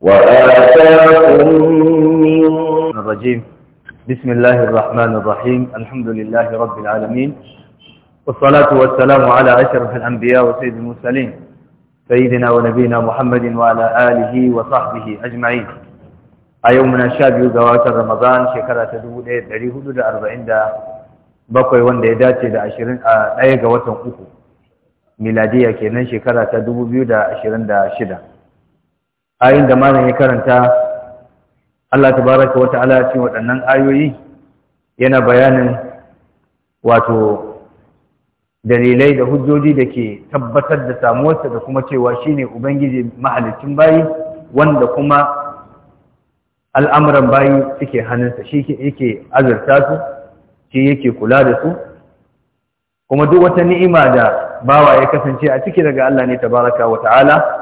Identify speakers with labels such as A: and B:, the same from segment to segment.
A: وآتاكم
B: من الرجيم بسم الله الرحمن الرحيم الحمد لله رب العالمين والصلاة والسلام على أشرف الأنبياء وسيد المرسلين سيدنا ونبينا محمد وعلى آله وصحبه أجمعين a yau muna sha biyu ga watan ramadan shekara ta dubu ɗaya ɗari hudu da arba'in da bakwai wanda ya dace da ashirin a ɗaya ga watan uku miladiya kenan shekara dubu biyu da ashirin da shida ayin da malam ya karanta Allah tabaraka wata'ala ci waɗannan ayoyi yana bayanin wato dalilai da hujjoji da ke tabbatar da samuwarsa da kuma cewa shine ubangiji mahalicin bayi wanda kuma al'amuran bayi suke hannunsa shi yake azurta su shi yake kula da su kuma duk wata ni'ima da bawa ya kasance a ciki daga Allah ne tabaraka ta'ala?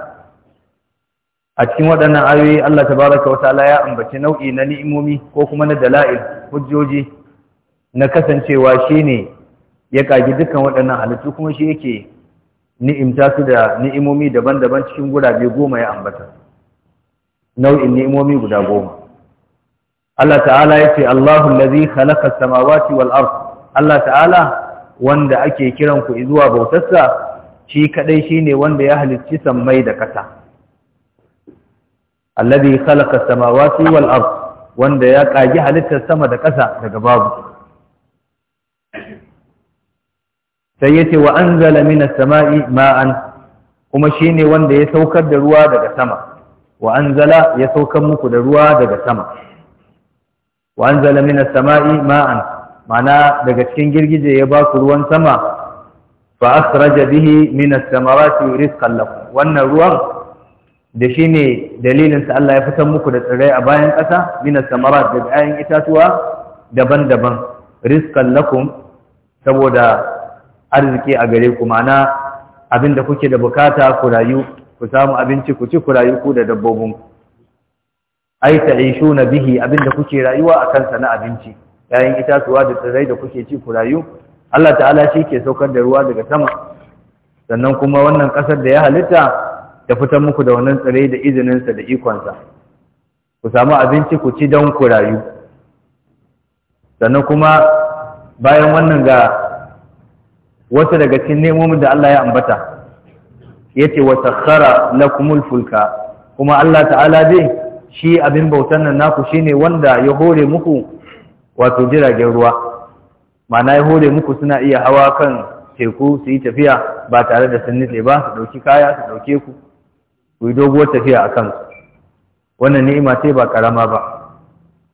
B: a cikin waɗannan ayoyi Allah ta baraka wata ta'ala ya ambaci nau'i na ni'imomi ko kuma na dala'il hujjoji na kasancewa shi ne ya ƙage dukkan waɗannan halittu kuma shi yake ni'imta su da ni'imomi daban-daban cikin gurabe goma ya ambata nau'in ni'imomi guda goma Allah ta'ala ya ce Allahu lazi khalaqa samawati wal ard Allah ta'ala wanda ake kiran ku zuwa bautarsa shi kadai shine wanda ya halicci sammai da kasa alladhi khalaqa samawati wal ard wanda ya kagi halittar sama da ƙasa daga babu sai yace wa anzala minas sama'i ma'an kuma shine wanda ya saukar da ruwa daga sama wa anzala ya saukar muku da ruwa daga sama wa anzala minas sama'i ma'an mana daga cikin girgije ya ba ku ruwan sama fa akhraja bihi minas samarati rizqan lakum wannan ruwan da shi ne dalilinsa Allah ya fitar muku da tsirrai a bayan ƙasa mina samara da 'ya'yan itatuwa daban-daban Riskan lakum saboda arziki a gare ku ma'ana, abin da kuke da bukata ku rayu ku samu abinci ku ci ku rayu ku da dabbobin ai ta'ishu na bihi abin da kuke rayuwa a kansa na abinci Ya'yan itatuwa da tsirrai da kuke ci ku rayu Allah ta'ala shi ke saukar da ruwa daga sama sannan kuma wannan ƙasar da ya halitta ya fitar muku da wannan tsare da izininsa da ikonsa ku samu abinci ku ci don ku rayu sannan kuma bayan wannan ga wasu daga cikin nemomin da Allah ya ambata ya ce wata khara lakumul fulka kuma Allah ta'ala dai shi abin bautan nan naku shine wanda ya hore muku wato jiragen ruwa mana ya hore muku suna iya hawa kan teku su yi tafiya ba tare da sun ba su ɗauki kaya su ɗauke ku ku doguwar tafiya a kansu wannan ni'ima ce ba karama ba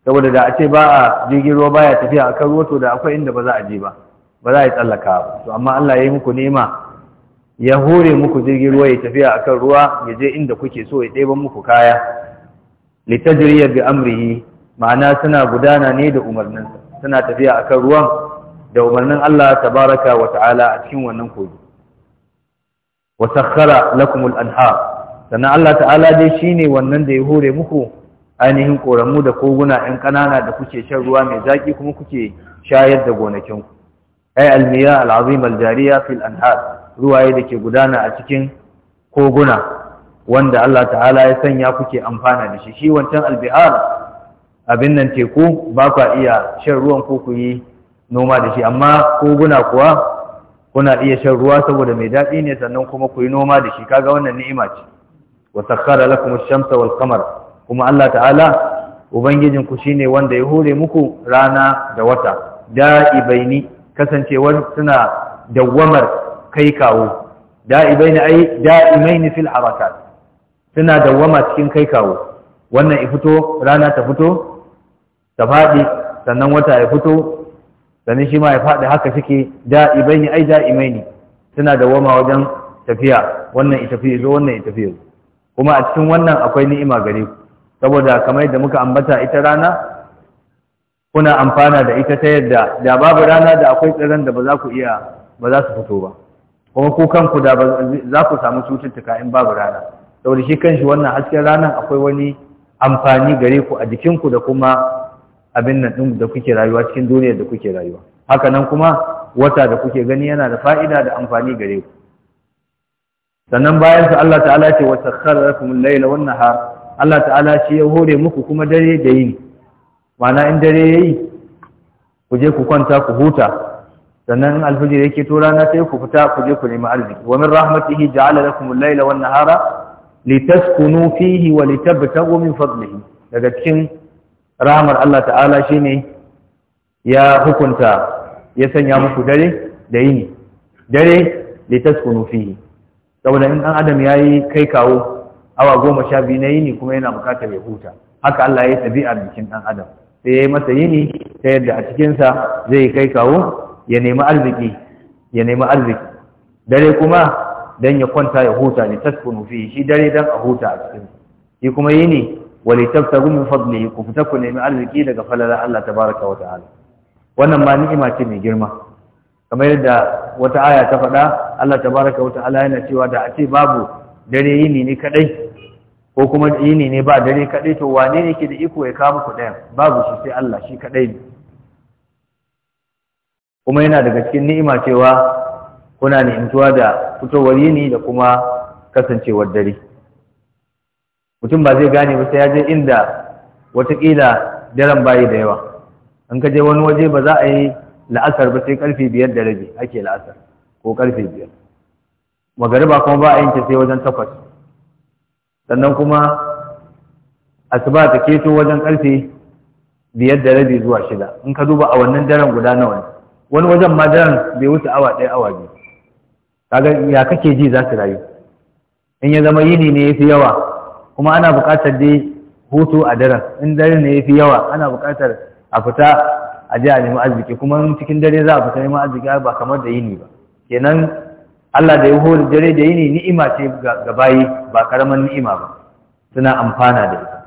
B: saboda da a ce ba a jirgin ruwa baya tafiya akan ruwa to da akwai inda ba za a je ba ba za a yi tsallaka ba to amma Allah ya yi muku ni'ima ya hore muku jirgin ruwa ya tafiya akan ruwa ya je inda kuke so ya ɗeban muku kaya litajriya bi amrihi ma'ana suna gudana ne da umarninsa suna tafiya akan ruwan da umarnin Allah tabaraka wa ta'ala a cikin wannan kogi wa sakhkhara lakumul anhar sannan Allah ta'ala dai shine wannan da ya hore muku ainihin koramu da koguna 'yan ƙanana da kuke shan ruwa mai zaƙi kuma kuke shayar da gonakinku ai almiya al'azim aljariya fil anhar ruwaye da ke gudana a cikin koguna wanda Allah ta'ala ya sanya kuke amfana da shi shi wancan albihar abin nan teku ba kwa iya shan ruwan ko ku yi noma da shi amma koguna kuwa kuna iya shan ruwa saboda mai daɗi ne sannan kuma ku yi noma da shi kaga wannan ni'ima ce wa sakhara lakum ash-shamsa wal qamar kuma Allah ta'ala ubangijin ku shine wanda ya hore muku rana da wata da'ibaini kasancewar suna dawamar kai kawo da'ibaini ai da'imaini fil harakat suna dawama cikin kai kawo wannan ya fito rana ta fito ta fadi, sannan wata ya fito sannan shi ma ya fadi. haka suke da'ibaini ai da'imaini suna dawama wajen tafiya wannan ya tafiye. zo wannan ya tafi zo kuma a cikin wannan akwai ni'ima gare ku saboda kamar yadda muka ambata ita rana kuna amfana da ita ta yadda da babu rana da akwai tsirran da ba za ku iya ba za su fito ba kuma ku kanku da za ku samu cututtuka in babu rana saboda shi kanshi wannan hasken ranar akwai wani amfani gare ku a jikinku da kuma abin nan ɗin da kuke rayuwa cikin duniyar da kuke rayuwa haka nan kuma wata da kuke gani yana da fa'ida da amfani gare ku sannan bayan su Allah ta'ala ce wa sakhkhara lakum al-layla wan nahar Allah ta'ala shi ya hore muku kuma dare da yini ma'ana in dare yayi ku je ku kwanta ku huta sannan alfajir yake to rana sai ku fita ku je ku nemi arziki wa min rahmatihi ja'ala lakum al-layla wan nahara litaskunu fihi wa litabtaghu min fadlihi daga cikin rahmar Allah ta'ala shine ya hukunta ya sanya muku dare da yini dare litaskunu fihi saboda in ɗan adam ya yi kai kawo awa goma sha biyu na yini kuma yana bukatar ya huta haka Allah ya yi tabi'ar jikin ɗan adam sai ya yi masa yini ta yadda a cikinsa zai kai kawo ya nemi arziki ya nemi arziki dare kuma dan ya kwanta ya huta ne taskunu fi shi dare dan a huta a cikin shi kuma yini wali tabtagu min fadlihi ku fita ku nemi arziki daga falala Allah tabaraka wa ta'ala wannan ma ni'ima ce mai girma kamar yadda wata aya ta faɗa Allah tabaraka wata ala yana cewa da a ce babu dare yini ne kadai ko kuma yini ne ba dare kadai to wane ne ke da iko ya kawo muku ɗayan babu shi sai Allah shi kadai ne kuma yana daga cikin ni'ima cewa kuna ni'imtuwa da fitowar yini da kuma kasancewar dare mutum ba zai gane ba sai ya je inda watakila daren bayi da yawa in ka je wani waje ba za a yi la'asar ba sai karfe biyar da rabi ake la'asar ko karfe biyar magariba kuma ba a yin sai wajen takwas sannan kuma asuba ta keto wajen karfe biyar da rabi zuwa shida in ka duba a wannan daren guda nawa ne wani wajen ma daren bai wuce awa ɗaya awa biyu kaga ya kake ji za su rayu in ya zama yini ne ya fi yawa kuma ana buƙatar dai hutu a daren in daren ne ya fi yawa ana buƙatar a fita a ji a nemi arziki kuma cikin dare za a fita neman arziki ba kamar da yini ba kenan Allah da ya hori dare da yini ni'ima ce ga bayi ba karaman ni'ima ba suna amfana da ita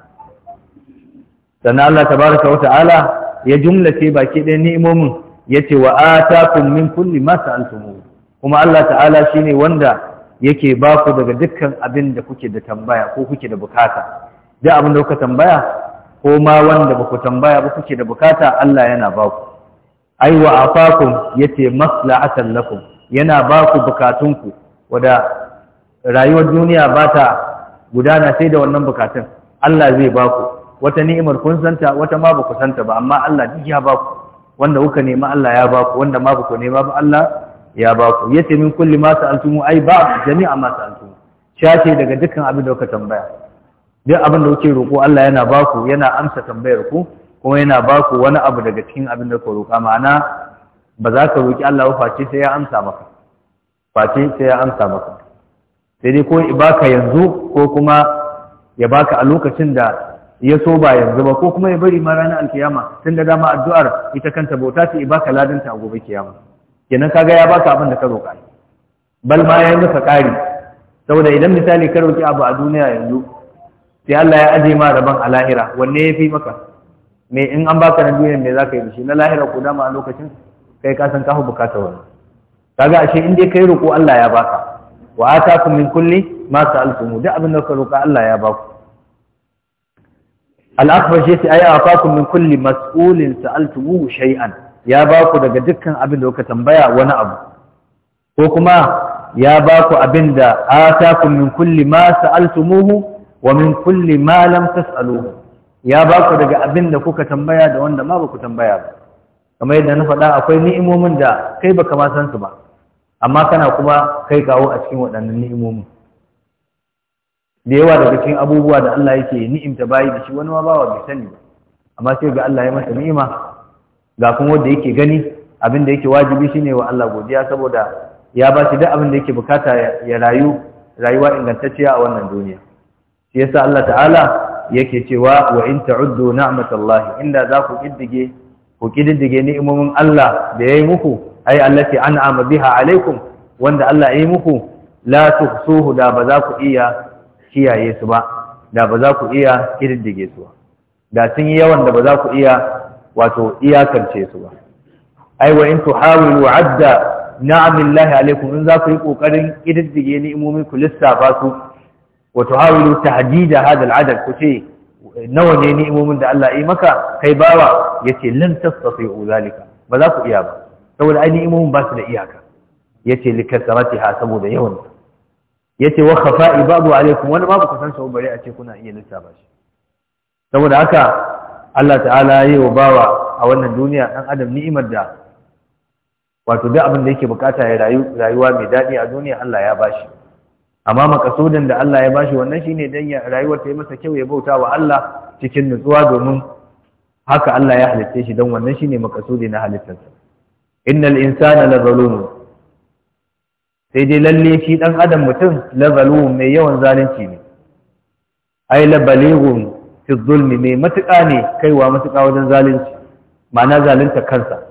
B: sannan Allah tabaraka wa ta'ala ya jumla jumlace baki ɗaya ni'imomin yace wa atakum min kulli ma sa'altum kuma Allah ta'ala shine wanda yake ba ku daga dukkan abin da kuke da tambaya ko kuke da bukata duk abin da kuka tambaya ko ma wanda ba ku tambaya ba kuke da bukata Allah yana ba ku ai wa afakum yace maslahatan lakum yana ba ku bukatunku wada rayuwar duniya ba ta gudana sai da wannan bukatun Allah zai ba ku wata ni'imar kun santa wata ma baku santa ba amma Allah duk ya ba ku wanda kuka nema Allah ya ba ku wanda ma baku nema ba Allah ya ba ku yace min kulli ma sa'altum ai ba jami'a ma sa'altum shace daga dukkan abin da kuka tambaya duk abin da kuke roƙo Allah yana ba ku yana amsa tambayar ku kuma yana ba ku wani abu daga cikin abin da ku roƙa ma'ana ba za ka roƙi Allah ba face sai ya amsa maka face sai ya amsa maka sai dai ko ka yanzu ko kuma ya baka a lokacin da ya so ba yanzu ba ko kuma ya bari ma ranar alkiyama tun da dama addu'ar ita kanta bauta ce ya ka ladanta a gobe kiyama kenan kaga ya baka abin da ka roƙa bal ma ya yi masa ƙari saboda idan misali ka roƙi abu a duniya yanzu sai Allah ya aje ma rabon a lahira wanne ya fi maka me in an baka na duniya me za ka yi da shi na lahira ko dama a lokacin kai ka san kafa bukata wani kaga ashe in dai kai roƙo Allah ya baka wa atakum min kulli ma sa'altum duk abin da ka roƙa Allah ya baku al-akhbar shi sai ayi atakum min kulli mas'ulin sa'altuhu shay'an ya baku daga dukkan abin da kuka tambaya wani abu ko kuma ya baku abin da atakum min kulli ma sa'altumuhu wa min kulli ma lam tas'aluhu ya ba daga abin da kuka tambaya da wanda ma ba tambaya ba kamar yadda na faɗa akwai ni'imomin da kai baka ma san su ba amma kana kuma kai kawo a cikin waɗannan ni'imomin da yawa daga cikin abubuwa da Allah yake ni'imta bayi da shi wani ma bawa bai sani ba amma sai ga Allah ya masa ni'ima ga kuma wanda yake gani abin da yake wajibi shine wa Allah godiya saboda ya ba shi duk abin da yake bukata ya rayu rayuwa ingantacciya a wannan duniya shi yasa Allah ta'ala yake cewa wa in ta'uddu ni'matallahi inda za ku kiddige ku kiddige ni'imomin Allah da yayi muku ai allati an'ama biha alaikum wanda Allah yayi muku la tuhsuhu da ba za ku iya kiyaye su ba da ba za ku iya kiddige su ba da sun yi yawan da ba za ku iya wato iyakance su ba ai wa in tuhawilu adda na'amillahi alaikum in za ku yi kokarin kididdige niimomin ku lissafa su wa tuhawilu tahdida hadha al-adad kuce nawa ne ni'imomin da Allah ya maka kai bawa yace lan tastati'u zalika ba za ku iya ba saboda ai ni'imomin ba su da iyaka yace likasaratiha saboda yawan yace wa khafa'i ba'du alaikum wani ba ku san sa bare a ce kuna iya lissafa shi saboda haka Allah ta'ala yayi wa bawa a wannan duniya dan adam ni'imar da wato duk abin da yake bukata ya rayu rayuwa mai daɗi a duniya Allah ya bashi amma makasudin da Allah ya bashi wannan shine dan ya rayuwar ta yi masa kyau ya bauta wa Allah cikin nutsuwa domin haka Allah ya halitta shi dan wannan shine makasudi na halittarsa innal insana la zalumun sai dai lalle shi dan adam mutum la mai yawan zalunci ne ai la balighun zulmi mai matuƙa ne kaiwa matuƙa wajen zalunci ma'ana zalunta kansa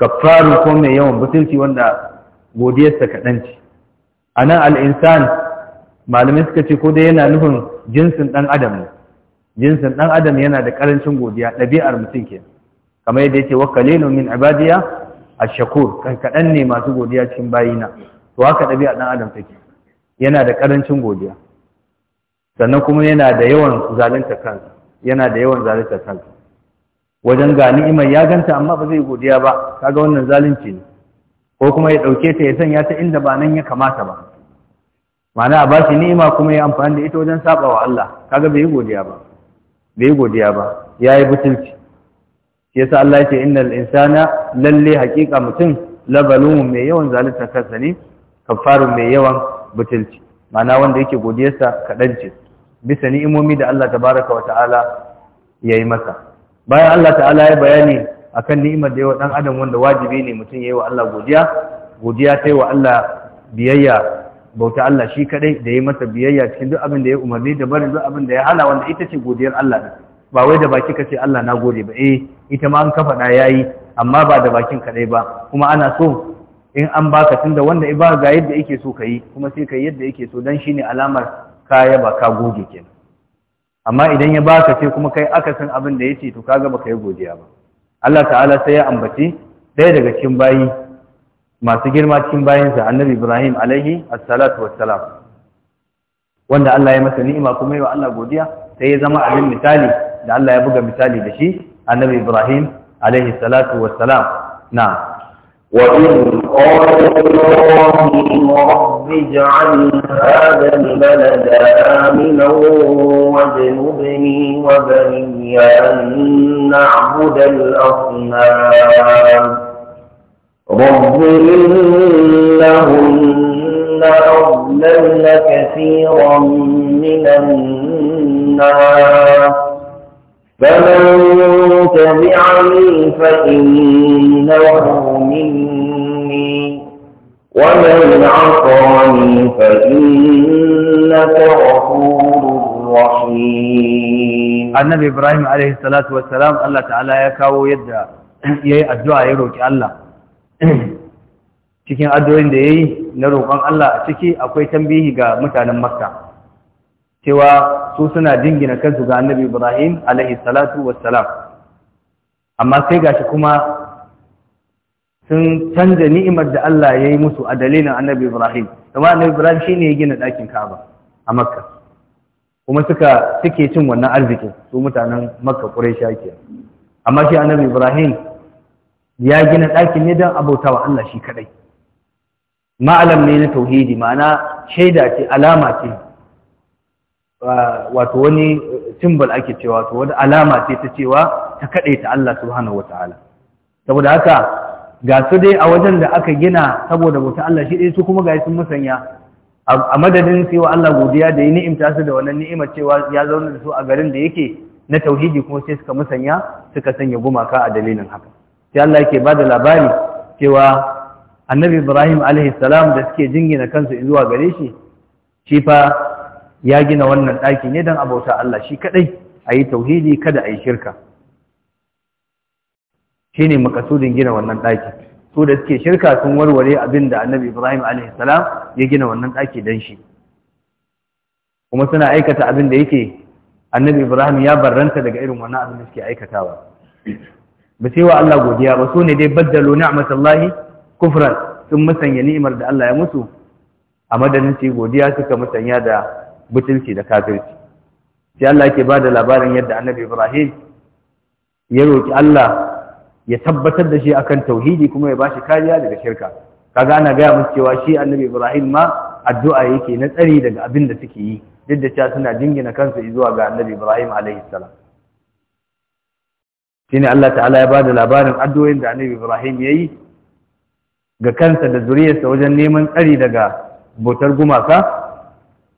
B: kaffaru ko mai yawan butulci wanda godiyarsa kaɗan ce a nan al'insan malamai suka ce ko dai yana nufin jinsin ɗan adam ne jinsin ɗan adam yana da ƙarancin godiya ɗabi'ar mutum ke kamar yadda yake wakka kalilun min abadiya? a shakur kan kaɗan ne masu godiya cikin bayina to haka ɗabi'ar ɗan adam take yana da ƙarancin godiya sannan kuma yana da yawan zalunta kansa yana da yawan zalunta kansa wajen ga ni'imar ya ganta amma ba zai godiya ba kaga wannan zalunci ne ko kuma ya ɗauke ta ya sanya ta inda ba nan ya kamata ba ma'ana a bashi ni'ima kuma ya amfani da ita wajen saba wa Allah kaga bai godiya ba bai godiya ba yayi butulci shi yasa Allah yake innal insana lalle haqiqa mutum labalun mai yawan zalunta kansa ne kafarun mai yawan butulci ma'ana wanda yake godiyarsa kadan ce bisa ni'imomi da Allah tabaraka wa ta'ala yayi masa bayan Allah ta'ala ya bayani akan ni'imar da yawa dan adam wanda wajibi ne mutum yayi wa Allah godiya godiya ta wa Allah biyayya bauta Allah shi kadai da ya masa biyayya cikin duk abin da ya umarni da barin duk abin da ya hana wanda ita ce godiyar Allah ne ba wai da baki ka kace Allah na gode ba eh ita ma an kafa da yayi amma ba da bakin kadai ba kuma ana so in an baka da wanda ba ga yadda yake so kai kuma sai kai yadda yake so dan shine alamar kaya ba ka goge kenan amma idan ya baka sai kuma kai san abin da yace to kaga baka yi godiya ba Allah ta'ala sai ya ambaci daya daga cikin bayi masu girma cikin bayansa annabi ibrahim alaihi assalatu wassalam wanda Allah ya masa ni'ima kuma yi wa Allah godiya sai ya zama abin misali da Allah ya buga misali da shi annabi ibrahim alaihi salatu wassalam na وإذ قال اللهم
A: رب اجعل هذا البلد آمنا واجنبني وبني أن نعبد الأصنام رب إنهن أضلل كثيرا من الناس فمن تبعني فإنه مني ومن عصاني فإنك غفور
B: رحيم النبي إبراهيم عليه الصلاة والسلام الله تعالى يكاو يدعى يأي الدعاء يروك الله cikin addu'o'in da ya yi na roƙon Allah a ciki akwai tambihi ga mutanen Makka cewa su suna dingina kansu ga Annabi Ibrahim alaihi salatu wassalam amma sai gashi kuma sun canza ni'imar da Allah ya yi musu a dalilin Annabi Ibrahim kuma Annabi Ibrahim shi ne ya gina ɗakin Ka'aba a Makka kuma suka suke cin wannan arzikin su mutanen Makka Quraysh kenan amma shi Annabi Ibrahim ya gina ɗakin ne don abota wa Allah shi kaɗai ma'alam ne na tauhidi ma'ana shaida ce alama ce wato wani simbol ake cewa wato wani alama ce ta cewa ta kaɗai ta Allah subhanahu wa ta'ala saboda haka ga su dai a wajen da aka gina saboda bauta Allah shi ɗaya su kuma ga sun musanya a madadin sai wa Allah godiya da ya ni'imta su da wannan ni'ima cewa ya zauna da su a garin da yake na tauhidi kuma sai suka musanya suka sanya gumaka a dalilin haka sai Allah yake da labari cewa annabi Ibrahim alaihi salam da suke jingina kansu zuwa gare shi shi fa ya gina wannan ɗaki ne don abauta Allah shi kadai a yi tauhidi kada ayi yi shirka shi ne makasudin gina wannan ɗaki su da suke shirka sun warware abin da annabi Ibrahim alaihi salam ya gina wannan ɗaki don shi kuma suna aikata abin da yake annabi Ibrahim ya barranta daga irin wannan abin da suke aikatawa ba sai wa Allah godiya ba su ne dai baddalo ni'matallahi kufran sun musanya ni'imar da Allah ya musu a madadin su godiya suka musanya da butulci da kafirci sai Allah yake da labarin yadda Annabi Ibrahim ya roki Allah ya tabbatar da shi akan tauhidi kuma ya bashi kariya daga shirka kaga ana gaya musu cewa shi Annabi Ibrahim ma addu'a yake na tsari daga abin da suke yi duk da cewa suna jingina kansu zuwa ga Annabi Ibrahim alaihi salam shine Allah ta'ala ya bada labarin addu'o'in da Annabi Ibrahim yayi ga kansa da zuriyarsa wajen neman tsari daga butar gumaka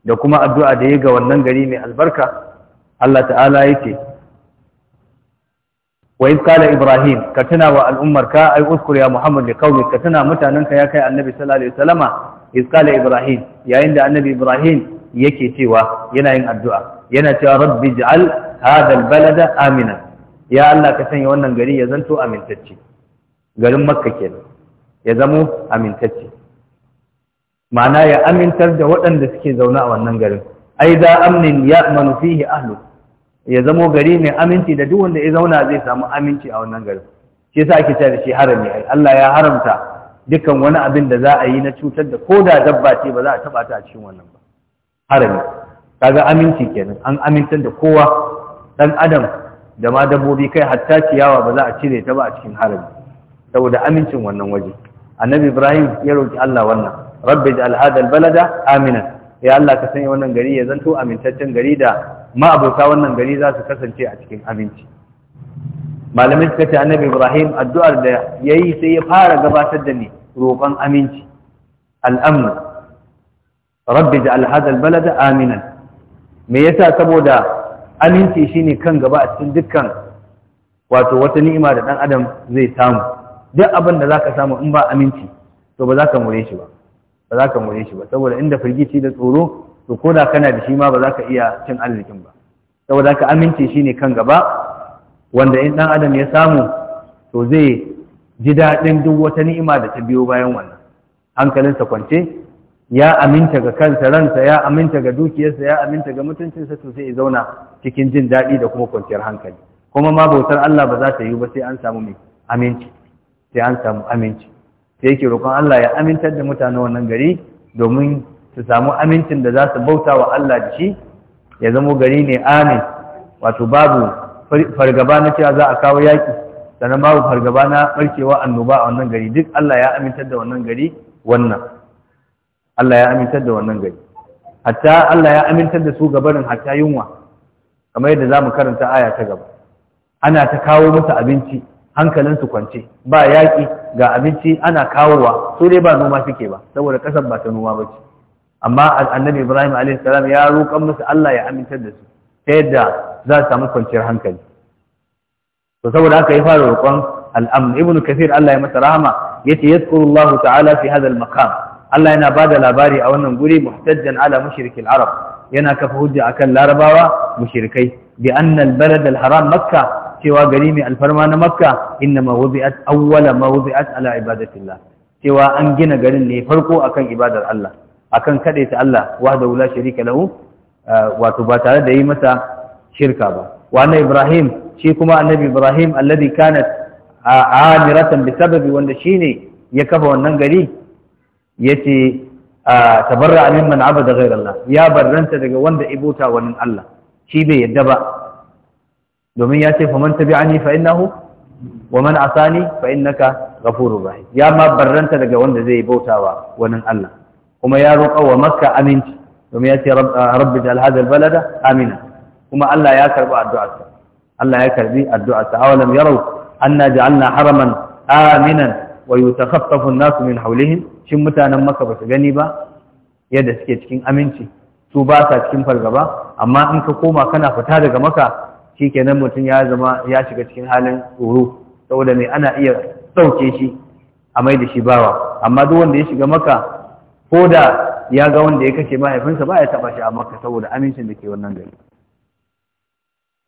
B: da kuma addu'a da ya ga wannan gari mai albarka Allah ta'ala yake wa in ibrahim ka tuna wa al'ummarka ai uskur ya muhammad li qaumi ka tuna mutananka ya kai annabi sallallahu alaihi wasallama in qala ibrahim yayin da annabi ibrahim yake cewa yana yin addu'a yana cewa rabbi ij'al hadha al-balada amina ya Allah ka sanya wannan gari ya zanto amintacce garin makka kenan ya zamo amintacce ma'ana ya amintar da waɗanda suke zaune a wannan garin ai da amnin ya manu fihi ahlu ya zamo gari mai aminci da duk wanda ya zauna zai samu aminci a wannan garin shi yasa ake cewa da shi harami ai Allah ya haramta dukkan wani abin da za a yi na cutar da ko da dabba ce ba za a taba ta a cikin wannan ba harami kaga aminci kenan an amintar da kowa dan adam da ma dabbobi kai hatta ciyawa ba za a cire ta ba a cikin harami saboda amincin wannan waje annabi ibrahim ya roki Allah wannan rabbi ja'al hadha albalada amina ya Allah ka sanya wannan gari ya zanto amintaccen gari da ma'abuta wannan gari za su kasance a cikin aminci malamai suka ce annabi ibrahim addu'ar da yayi sai ya fara gabatar da ni roƙon aminci al'amn rabbi ja'al hadha albalada amina me yasa saboda aminci shi ne kan gaba a cikin dukkan wato wata ni'ima da ɗan adam zai samu duk abin da zaka samu in ba aminci to ba za ka more shi ba ba za ka more shi ba saboda inda firgici da tsoro to ko da kana da shi ma ba za ka iya cin arzikin ba saboda ka aminci shi ne kan gaba wanda in ɗan adam ya samu to zai ji daɗin duk wata ni'ima da ta biyo bayan wannan hankalinsa kwance ya aminta ga kansa ransa ya aminta ga dukiyarsa ya aminta ga mutuncinsa to sai ya zauna cikin jin daɗi da kuma kwanciyar hankali kuma ma bautar Allah ba za ta yi ba sai an samu mai aminci sai an samu aminci sai yake roƙon Allah ya amintar da mutanen wannan gari domin su samu amincin da za su bauta wa Allah da shi ya zamo gari ne amin wato babu fargaba na cewa za a kawo yaƙi sannan babu fargaba na ɓarkewa annoba a wannan gari duk Allah ya amintar da wannan gari wannan Allah ya amintar da wannan gari hatta Allah ya amintar da su gabanin hatta yunwa kamar yadda zamu karanta aya ta gaba ana ta kawo musu abinci hankalin su kwance ba yaƙi ga abinci ana kawowa su dai ba noma suke ba saboda kasar ba ta noma ba ce amma annabi Ibrahim alaihi salam ya roƙan musu Allah ya amintar da su ta yadda za su samu kwanciyar hankali to saboda haka ya fara roƙon al'amr ibn kathir Allah ya masa rahama yace yadkurullahu ta'ala fi hadha al-maqam Allah yana da labari a wannan guri muhtajjan ala mushrikil arab yana kafa hujja akan larabawa mushrikai bi anna al-balad al-haram makka cewa gari mai alfarma na makka inma wubi'at awwala ma wubi'at ala ibadatillah cewa an gina garin ne farko akan ibadar Allah akan kadaita Allah wahdahu la sharika lahu uh, wato ba tare da yi masa shirka ba wa ibrahim shi kuma annabi ibrahim alladhi kanat uh, amiratan bisababi wanda shine ya kafa wannan gari yace tabarra min man abada ghayra Allah ya barranta daga wanda ibuta wani Allah shi bai yadda ba domin ya ce faman tabi'ani fa innahu wa man asani fa innaka ghafurur rahim ya ma barranta daga wanda zai bautawa wani Allah kuma ya roƙa wa makka aminci domin ya ce rabbi jal hadha albalada amina kuma Allah ya karbi addu'arsa Allah ya karbi addu'arsa awalam yarau anna ja'alna haraman aminan wa yutakhaffafu an-nasu min hawlihim shin mutanen maka ba su gani ba yadda suke cikin aminci su ba sa cikin fargaba amma in ka koma kana fita daga maka shikenan mutum ya zama ya shiga cikin halin tsoro saboda mai ana iya ɗauke shi a mai da shi bawa amma duk wanda ya shiga maka ko da ya ga wanda ya kashe mahaifinsa ba ya taɓa shi a maka saboda amincin da ke wannan gari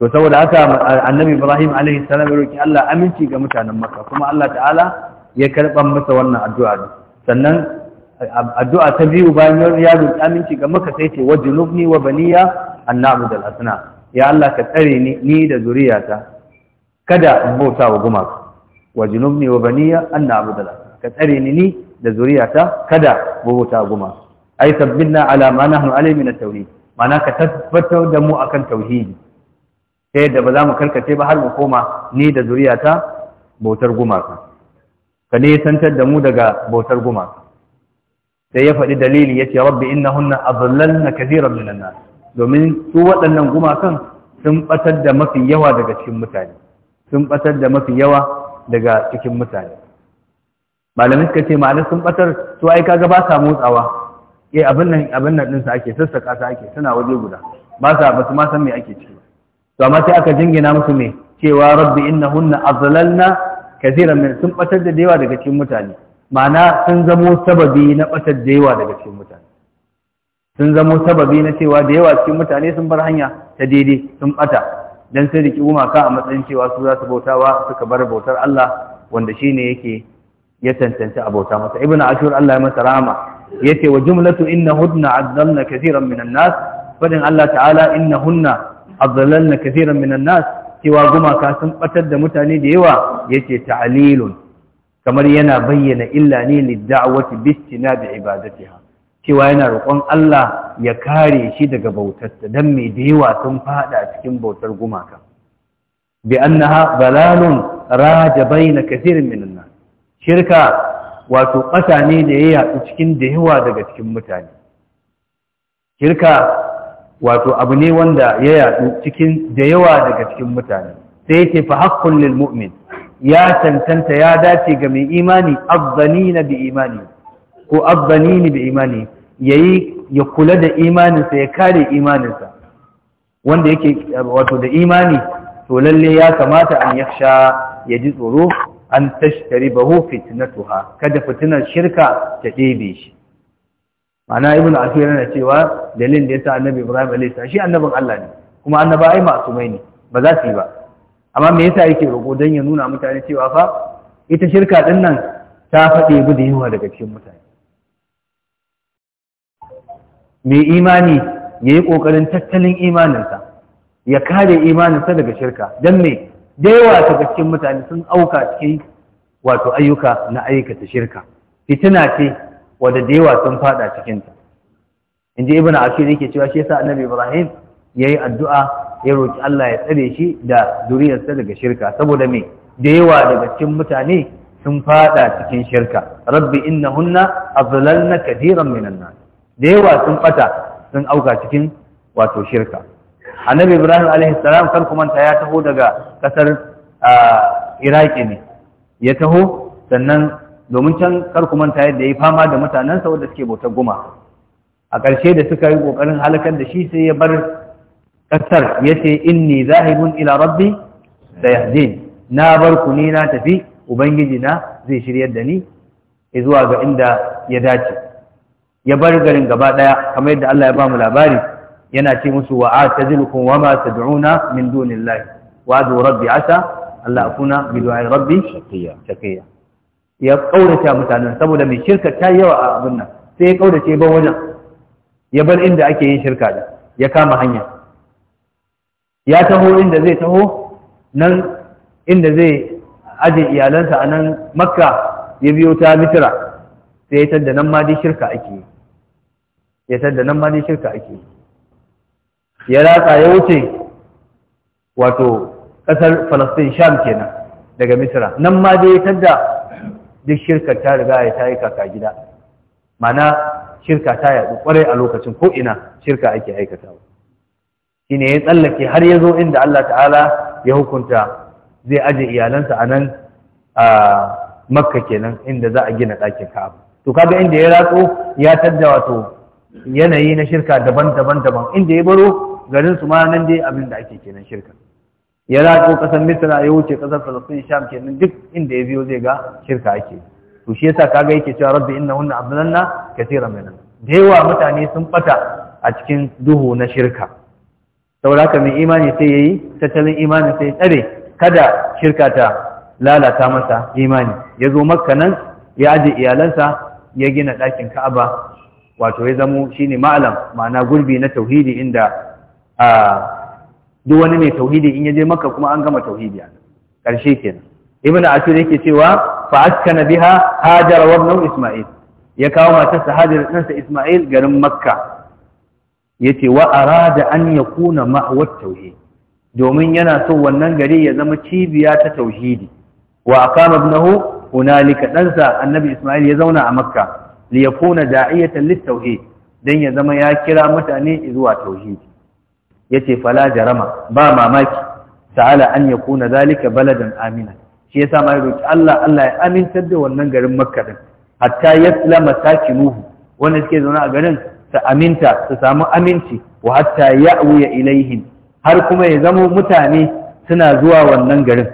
B: to saboda haka annabi ibrahim alaihi salam ya roki Allah aminci ga mutanen maka kuma Allah ta'ala ya karban masa wannan addu'a sannan addu'a ta biyu bayan ya roƙi aminci ga maka sai ce wajnubni wa baniya an na'budu al-asnam ya Allah ka tsare ni ni da zuriyata kada in bauta wa gumaka wajnubni wa baniya an na'budu al-asnam ka tsare ni ni da zuriyata kada bauta wa gumaka ai sabbinna ala ma nahnu alayhi min at-tauhid ma'ana ka tabbatar da mu akan tauhidi sai da ba za mu karkace ba har mu koma ni da zuriyata bautar gumaka ka nesantar da mu daga bautar guma. sai ya faɗi dalili ya ce rabbi innahunna adallalna na minan nas domin su waɗannan gumakan sun ɓatar da mafi yawa daga cikin mutane sun ɓatar da mafi yawa daga cikin mutane malamin suka ce ma'ana sun ɓatar su ai kaga ba sa motsawa eh abin nan abin nan ɗinsa ake sassaka ta ake suna waje guda ba sa ba su ma san me ake ciki to amma sai aka jingina musu me cewa rabbi innahunna adlalna kathiran min sun batar da yawa daga cikin mutane ma'ana sun zamo sababi na batar da yawa daga cikin mutane sun zamo sababi na cewa da yawa cikin mutane sun bar hanya ta daidai sun bata dan sai riki gumaka a matsayin cewa su za su bautawa suka bar bautar Allah wanda shine yake ya tantance a bauta masa Ibn ashur Allah ya masa rahama yace wa jumlatu inna hudna adallna kathiran minan nas fadin Allah ta'ala inna hunna adallna kathiran minan nas cewa gumaka sun batar da mutane da yawa yace ta'alilun. kamar yana bayyana illa ne lidda'wati bistina da ibadatiha cewa yana roƙon Allah ya kare shi daga bautarsa dan mai da yawa sun fada cikin bautar gumaka bi annaha balalun raja baina kathirin minan nas shirka wato ƙasa ne da ya yaɗu cikin da yawa daga cikin mutane shirka wato abu ne wanda ya yadu cikin da yawa daga cikin mutane sai yake fa haqqun lil mu'min ya tantanta ya dace ga mai imani afdalina bi imani ko afdalini bi imani yayi ya kula da imaninsa ya kare imaninsa wanda yake wato da imani to lalle ya kamata an yaksha ya ji tsoro an tashtaribahu fitnatuha kada fitinar shirka ta ɗebe shi ana ibnu asir yana cewa dalilin da yasa annabi ibrahim alayhi salam shi annabin Allah ne kuma annaba ai masumai ne ba za su yi ba amma me yasa yake roƙo dan ya nuna mutane cewa fa ita shirka din nan ta faɗe bi da yawa daga cikin mutane Me imani ya yi ƙoƙarin tattalin imaninsa ya kare imaninsa daga shirka don me da yawa daga cikin mutane sun auka cikin wato ayyuka na aikata shirka fitina ce wadda da yawa sun fada cikinta in ji ibn ashir yake cewa shi yasa annabi ibrahim ya yi addu'a ya roƙi allah ya tsare shi da zuriyarsa daga shirka saboda me da yawa daga cikin mutane sun fada cikin shirka rabbi innahunna azlalna kadiran minan nas da yawa sun fata sun auka cikin wato shirka annabi ibrahim alaihi salam kan kuma ta ya taho daga kasar ah, iraki ne ya taho sannan domin can kar ku manta yadda ya fama da mutanensa wadda suke bautar guma a ƙarshe da suka yi ƙoƙarin halakar da shi sai ya bar ƙasar ya ce inni zahibun ila rabbi da yahdin na bar ku ni na tafi ubangiji na zai shiryar da ni zuwa ga inda ya dace ya bar garin gaba ɗaya kamar yadda Allah ya ba mu labari yana ce musu wa atazilukum wa ma tad'una min dunillahi wa adu rabbi asa Allah akuna bi du'a rabbi shaqiya shaqiya ya kaurace mutanen saboda mai shirka ta yawa a abin nan sai ya kaurace ban wajen ya bar inda ake yin shirka da ya kama hanya ya taho inda zai taho nan inda zai aje iyalansa a nan makka ya biyo ta mitra sai ya tadda nan ma dai shirka ake yi ya tadda nan ma dai shirka ake yi ya ratsa ya wuce wato ƙasar falastin sham kenan daga Misira. nan ma dai ya tadda duk shirkar ta riga ya ta yi kaka gida mana shirka ta yaɗu kwarai a lokacin ko ina shirka ake aikatawa shi ne ya tsallake har ya zo inda Allah ta'ala ya hukunta zai aje iyalansa a nan a makka kenan inda za a gina ɗakin ka'aba to kaga inda ya ratso ya tadda wato yanayi na shirka daban-daban daban inda ya baro garin su ma nan dai abin da ake kenan shirka ya rako kasar misra ya wuce kasar falastin sham nan duk inda ya biyo zai ga shirka ake to shi yasa kaga yake cewa rabbi innahunna adlalna kaseeran nan da yawa mutane sun bata a cikin duhu na shirka saboda haka mai imani sai yayi tattalin imani sai ya tsare kada shirka ta lalata masa imani ya zo makka nan ya aje iyalansa ya gina ɗakin ka'aba wato ya zamo shine ma'alam ma'ana gurbi na tauhidi inda a ah, duk wani mai tauhidi in ya je maka kuma an gama tauhidi a ƙarshe kenan ibnu asir yake cewa fa askana biha hajar wa isma'il ya kawo matarsa hajar ɗansa isma'il garin makka yace wa arada an yakuna ma'awat tauhid domin yana so wannan gari ya zama cibiya ta tauhidi wa aqama ibnahu hunalika ɗansa annabi isma'il ya zauna a makka li yakuna da'iyatan lit tauhid dan ya zama ya kira mutane zuwa tauhidi yace fala jarama ba mamaki ta'ala an yakuna zalika baladan amina shi yasa ma roki Allah Allah ya amintar da wannan garin Makka din hatta yaslama sakinuhu wanda suke zaune a garin su aminta su samu aminci wa hatta ya'uya ilaihin har kuma ya zamo mutane suna zuwa wannan garin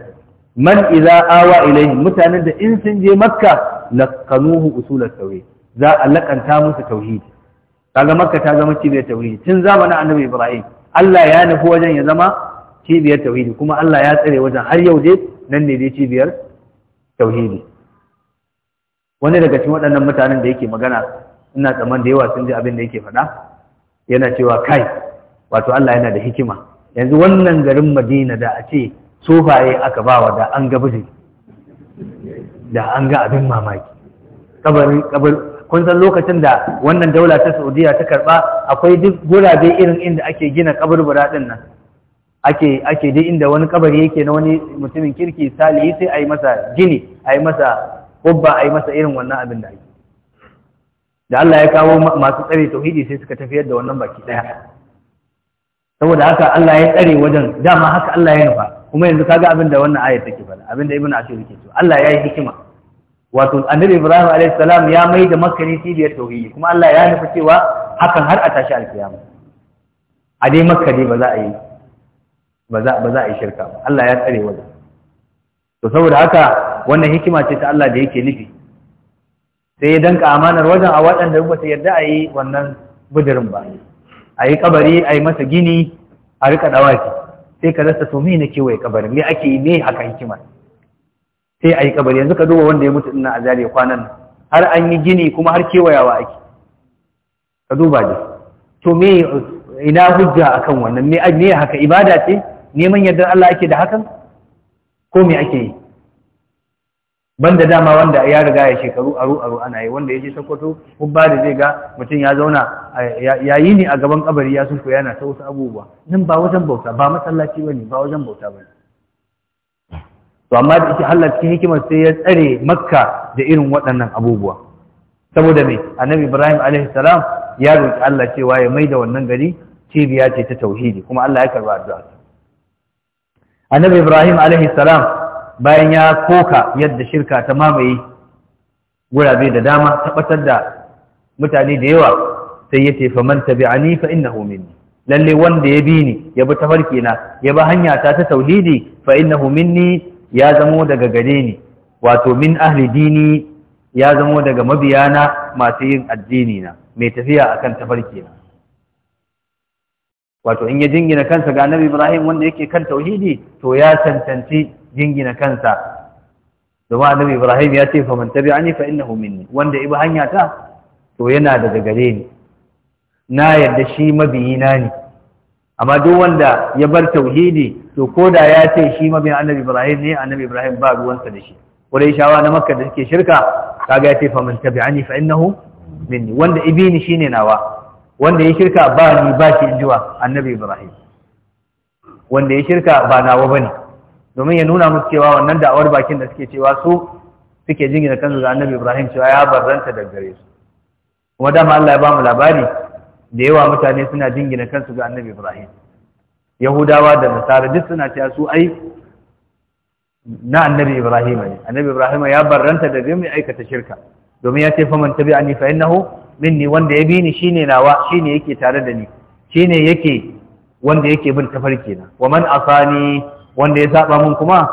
B: man idza awa ilaihin mutanen da in sun je makka laqanuhu usul tauhid za a lakanta musu tauhidi kaga makka ta zama cibiyar tauhidi tun zamanin annabi ibrahim Allah ya nufi wajen ya zama cibiyar tauhidi kuma Allah ya tsare wajen har yau dai nan ne dai cibiyar tauhidi wani daga cikin waɗannan mutanen da yake magana ina tsaman da yawa sun ji abin da yake faɗa yana cewa kai wato Allah yana da hikima yanzu wannan garin Madina da a ce sofaye aka bawa da an ga da an ga abin mamaki kun san lokacin da wannan daula ta saudiya ta karba akwai duk gurabe irin inda ake gina kaburbura din nan ake ake dai inda wani kabari yake na wani mutumin kirki salihi sai ai masa gini ai masa kubba ai masa irin wannan abin da ake da Allah ya kawo masu tsare tauhidi sai suka tafiyar da wannan baki daya saboda haka Allah ya tsare wajen dama haka Allah ya nufa kuma yanzu kaga abin da wannan ayat take fara abin da ibnu ashir yake so. Allah ya yi hikima wato annabi ibrahim alayhi salam ya mai da makkani cibiyar tauhidi kuma Allah ya nufi cewa hakan har a tashi alkiyama a dai makka ba za a yi ba za a yi shirka ba Allah ya tsare wajen to saboda haka wannan hikima ce ta Allah da yake nufi sai ya danka amanar wajen a waɗanda ba su yarda a yi wannan budurin ba a yi kabari a yi masa gini a rika dawaki sai ka rasa to me na kewaye kabarin me ake yi me haka hikimar sai a yi kabari yanzu ka duba wanda ya mutu ina a zariya kwanan har an yi gini kuma har kewayawa ake ka duba da to me ina hujja akan wannan me me haka ibada ce neman yardar Allah ake da hakan ko me ake yi banda dama wanda ya riga ya shekaru aru aru ana yi wanda ya je Sokoto hubba da zai ga mutum ya zauna yayi ne a gaban kabari ya sunko yana ta wasu abubuwa nan ba wajen bauta ba masallaci bane ba wajen bauta bane to amma da Allah cikin hikimar sai ya tsare makka da irin waɗannan abubuwa saboda mai annabi ibrahim a.s. ya roƙi Allah cewa ya da wannan gari cibiya ce ta tauhidi kuma Allah ya karba addu'a annabi ibrahim a.s. bayan ya koka yadda shirka ta mamaye gurabe da dama tabbatar da mutane da yawa sai ya tefa man tabi'ani fa innahu minni lalle wanda ya bi ni ya bi tafarki na ya bi hanya ta ta tauhidi fa innahu minni ya zamo daga gare ni wato min ahli dini ya zamo daga mabiyana masu yin addini na mai tafiya akan tafarki na wato in ya jingina kansa ga Annabi Ibrahim wanda yake kan tauhidi to ya cancanci jingina kansa domin Annabi Ibrahim ya ce faman tabi'ani fa innahu minni wanda ibi hanya ta to yana daga gare ni na yadda shi mabiyina ne amma duk wanda ya bar tauhidi to ko da ya ce shi mabiyan annabi ibrahim ne annabi ibrahim ba ruwansa da shi kurai shawa na makka da suke shirka kaga ya ce fa man tabi'ani fa innahu minni wanda ibini shine nawa wanda ya shirka ba ni ba shi injiwa annabi ibrahim wanda ya shirka ba nawa bane domin ya nuna musu cewa wannan da awar bakin da suke cewa su suke jingina kansu ga annabi ibrahim cewa ya barranta da gare su kuma dama Allah ya ba mu labari da yawa mutane suna jingina kansu ga annabi ibrahim yahudawa da nasara duk suna cewa su ai na annabi ibrahim ne annabi ibrahim ya barranta da mai aikata shirka domin ya ce faman anni fa innahu minni wanda ya bi ni shine nawa shine yake tare da ni shine yake wanda yake bin tafarki na wa man asani wanda ya saba mun kuma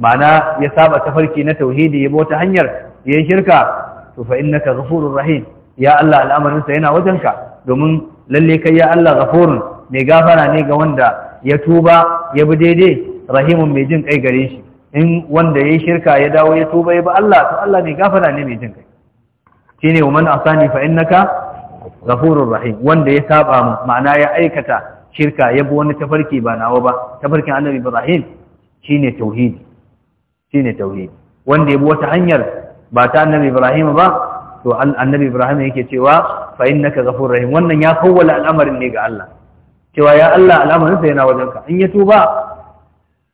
B: ma'ana ya saba tafarki na tauhidi ya bota hanyar Ya shirka to fa innaka ghafurur rahim ya Allah al'amarin sa yana wajenka domin lalle kai ya Allah ghafurun mai gafara ne ga wanda ya tuba ya bi daidai rahimun mai jin kai gare shi in wanda ya shirka ya dawo ya tuba ya bi Allah to Allah mai gafara ne mai jin kai shine wa man asani fa innaka ghafurur rahim wanda ya saba mu ma'ana ya aikata shirka ya bi wani tafarki ba nawa ba tafarkin annabi Ibrahim shine tauhidi shine tauhidi wanda ya bi wata hanyar ba ta annabi Ibrahim ba to annabi Ibrahim yake cewa fa innaka ghafurur rahim wannan ya kawwala al'amarin ne ga Allah cewa ya Allah al'amarinsa yana wajenka in ya tuba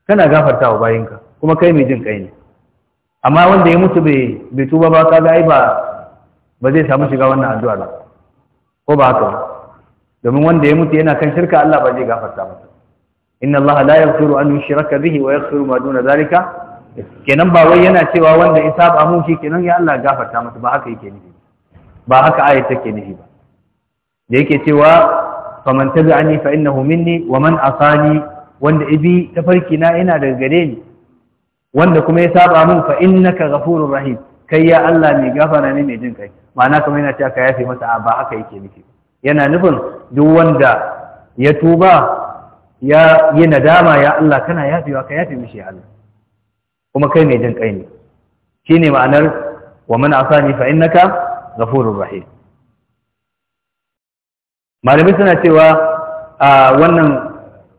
B: kana gafarta wa bayinka kuma kai mai jin kai ne amma wanda ya mutu bai tuba ba ka ai ba ba zai samu shiga wannan addu'a ba ko ba haka ba domin wanda ya mutu yana kan shirka Allah ba zai gafarta masa inna Allah la yaghfiru an yushraka bihi wa yaghfiru ma duna zalika kenan ba wai yana cewa wanda ya saba mu shi kenan ya Allah gafarta masa ba haka yake nufi ba haka ayat take nufi ba da yake cewa faman tabi'ani fa innahu minni wa man asani wanda ibi tafarki na ina daga gare ni wanda kuma ya saba min fa innaka ghafurur rahim kai ya Allah mai na ne mai jin kai ma'ana kuma yana cewa ka yafe masa ba haka yake nufi yana nufin duk wanda ya tuba ya yi nadama ya Allah kana yafewa ka yafe mishi ya Allah kuma kai mai jin kai ne shine ma'anar wa man asani fa innaka ghafurur rahim malamai suna cewa a wannan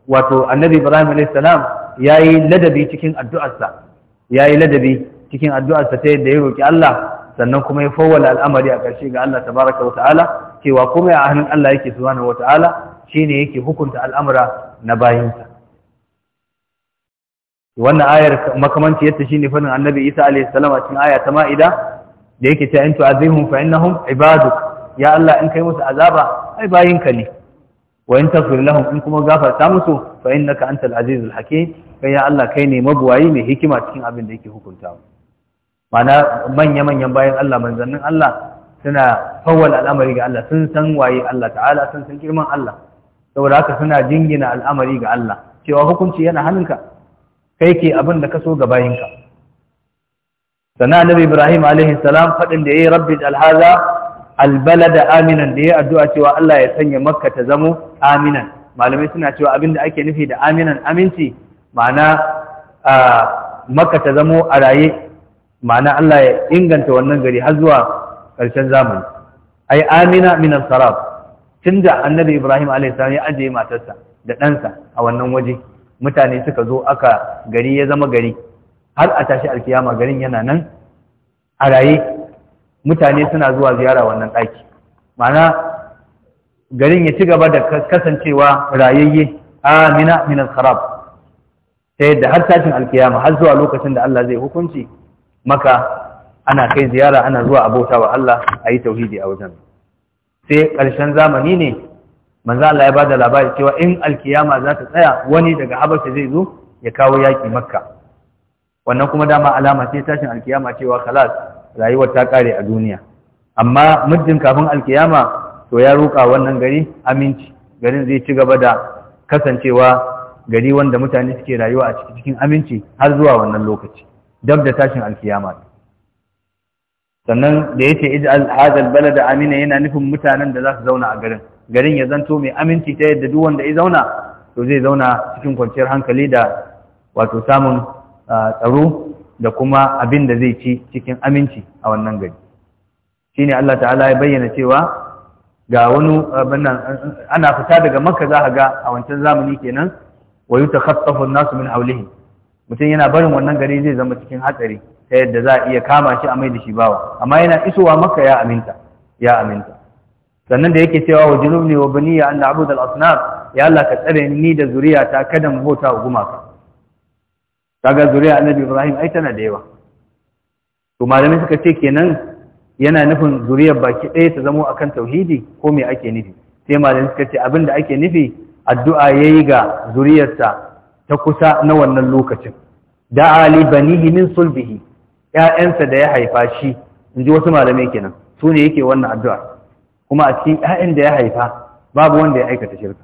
B: wato annabi ibrahim alaihissalam ya yi ladabi cikin addu'arsa ya ladabi cikin addu'arsa ta yadda ya roki Allah sannan kuma ya fawwala al'amari a ƙarshe ga Allah tabaraka wa ta'ala cewa kuma a hannun Allah yake subhanahu wa ta'ala shine yake hukunta al'amura na bayinsa wannan ayar makamanci yadda shine fannin annabi isa salam a cikin aya ta ma'ida da yake ta in tu'azimhum fa innahum ibaduk ya Allah in kai musu azaba ai bayinka ne wa in tafsir lahum in kuma gafarta musu fa innaka antal azizul hakim kai ya Allah kai ne mabuwayi mai hikima cikin abin da yake hukuntawa mana manya manyan bayan Allah manzannin Allah suna fawwal al'amari ga Allah sun san waye Allah ta'ala sun san girman Allah saboda haka suna jingina al'amari ga Allah cewa hukunci yana hannunka kai ke abin da ka so ga bayinka sana annabi ibrahim alaihi salam fadin da yayi rabbi alhaza albalada aminan da ya yi addu'a cewa Allah ya sanya makka ta zamo aminan malamai suna cewa abinda ake nufi da aminan aminci ma'ana makka ta zamo a raye ma'ana Allah ya inganta wannan gari har zuwa ƙarshen zamani ai amina minan sarab da annabi Ibrahim alaihi ya ajiye matarsa da ɗansa a wannan waje mutane suka zo aka gari ya zama gari har a tashi alkiyama garin yana nan a raye mutane suna zuwa ziyara wannan ɗaki ma'ana garin ya ci gaba da kasancewa rayayye amina min al-kharab ta yadda har tashin alkiyama har zuwa lokacin da Allah zai hukunci maka ana kai ziyara ana zuwa abota wa Allah a yi tauhidi a wajen sai ƙarshen zamani ne manzo Allah ya ba da labari cewa in alkiyama za ta tsaya wani daga habasha zai zo ya kawo yaƙi makka wannan kuma dama alama ce tashin alkiyama cewa khalas rayuwar ta kare a duniya amma muddin kafin alkiyama to ya roƙa wannan gari aminci garin zai ci gaba da kasancewa gari wanda mutane suke rayuwa a cikin aminci har zuwa wannan lokaci dab da tashin alkiyama sannan da yace ij'al hadal balada amina yana nufin mutanen da za su zauna a garin garin ya zanto mai aminci ta yadda duk wanda ya zauna to zai zauna cikin kwanciyar hankali da wato samun ah, tsaro da kuma abin da zai ci cikin aminci a wannan gari Shi ne Allah ta'ala ya bayyana cewa ga wani ana fita daga maka za a ga a wancan zamani kenan wa ta an-nasu min hawlihi mutum yana barin wannan gari zai zama cikin hatsari ta yadda za a iya kama shi a mai da shi bawa amma yana isowa maka ya aminta ya aminta sannan da yake cewa wa junubni wa baniya an na'budu al-asnam ya Allah ka tsare ni da zuriya ta, kada mu bauta wa gumaka kaga zuriya annabi ibrahim ai tana da yawa to malamai suka ce kenan yana nufin zuriyar baki ɗaya ta zamo akan tauhidi ko me ake nufi sai malamai suka ce abin da ake nufi addu'a yayi ga zuriyarsa ta kusa na wannan lokacin da ali banihi min sulbihi ƴaƴansa da ya haifa shi in ji wasu malamai kenan su ne yake wannan addu'a kuma a cikin ƴaƴan da ya haifa babu wanda ya aikata shirka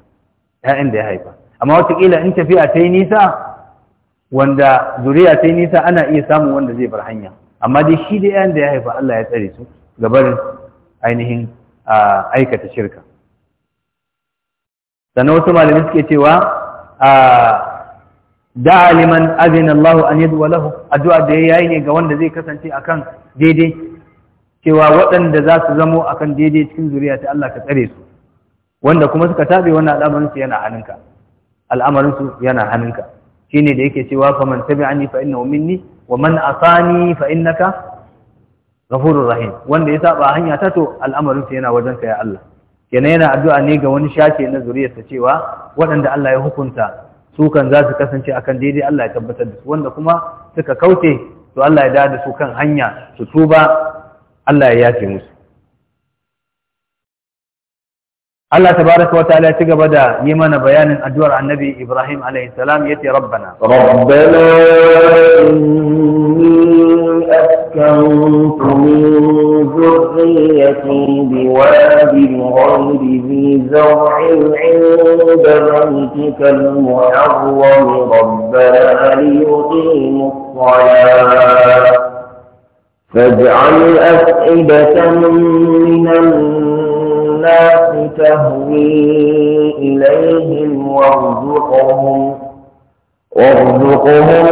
B: ƴaƴan da ya haifa amma wataƙila in tafiya ta yi nisa wanda zuriya sai nisa ana iya samun wanda zai bar hanya amma dai shi da yayan da ya haifa Allah ya tsare su gabar ainihin aikata shirka sannan wasu malamai suke cewa da'a aliman azina Allah an yadwa lahu addu'a da yayi ne ga wanda zai kasance akan daidai cewa waɗanda za su zamo akan daidai cikin zuriya ta Allah ka tsare su wanda kuma suka tabe wannan al'amarin su yana hannunka al'amarin su yana hannunka ne da yake cewa fa man tabi'ani fa innahu minni wa man asani fa innaka ghafurur rahim wanda ya saba hanya ta to al'amarin sa yana wajen ka ya Allah kenan yana addu'a ne ga wani shafe na sa cewa waɗanda Allah ya hukunta su kan za su kasance akan daidai Allah ya tabbatar da su wanda kuma suka kauce to Allah ya da su kan hanya su tuba Allah ya yafe musu الله تبارك وتعالى تقبدا يمان بيان أدوار عن النبي إبراهيم عليه السلام ياتي ربنا ربنا
A: إني أسكنت من ذريتي بواد غير ذي زرع عند بيتك المحرم ربنا ليقيم الصلاة فاجعل أفئدة من الناس تهوي إليهم وارزقهم
B: وارزقهم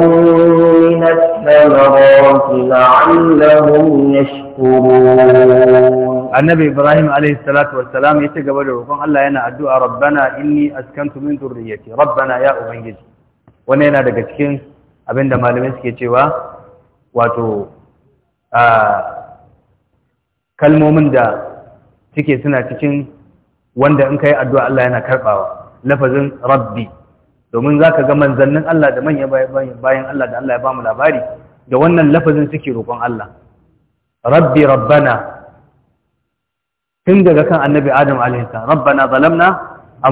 B: من الثمرات لعلهم يشكرون annabi ibrahim alayhi salatu wassalam ya ci gaba da roƙon Allah yana addu'a rabbana inni askantu min dhurriyyati rabbana ya ubangiji wannan yana daga cikin abinda malamai suke cewa wato kalmomin da suke suna cikin wanda in ka yi addu'a Allah yana karɓawa. lafazin rabbi domin za ka ga manzannin Allah da manya bayan Allah da Allah ya ba mu labari da wannan lafazin suke roƙon Allah rabbi rabbana tun daga kan annabi Adam alaihi salam rabbana zalamna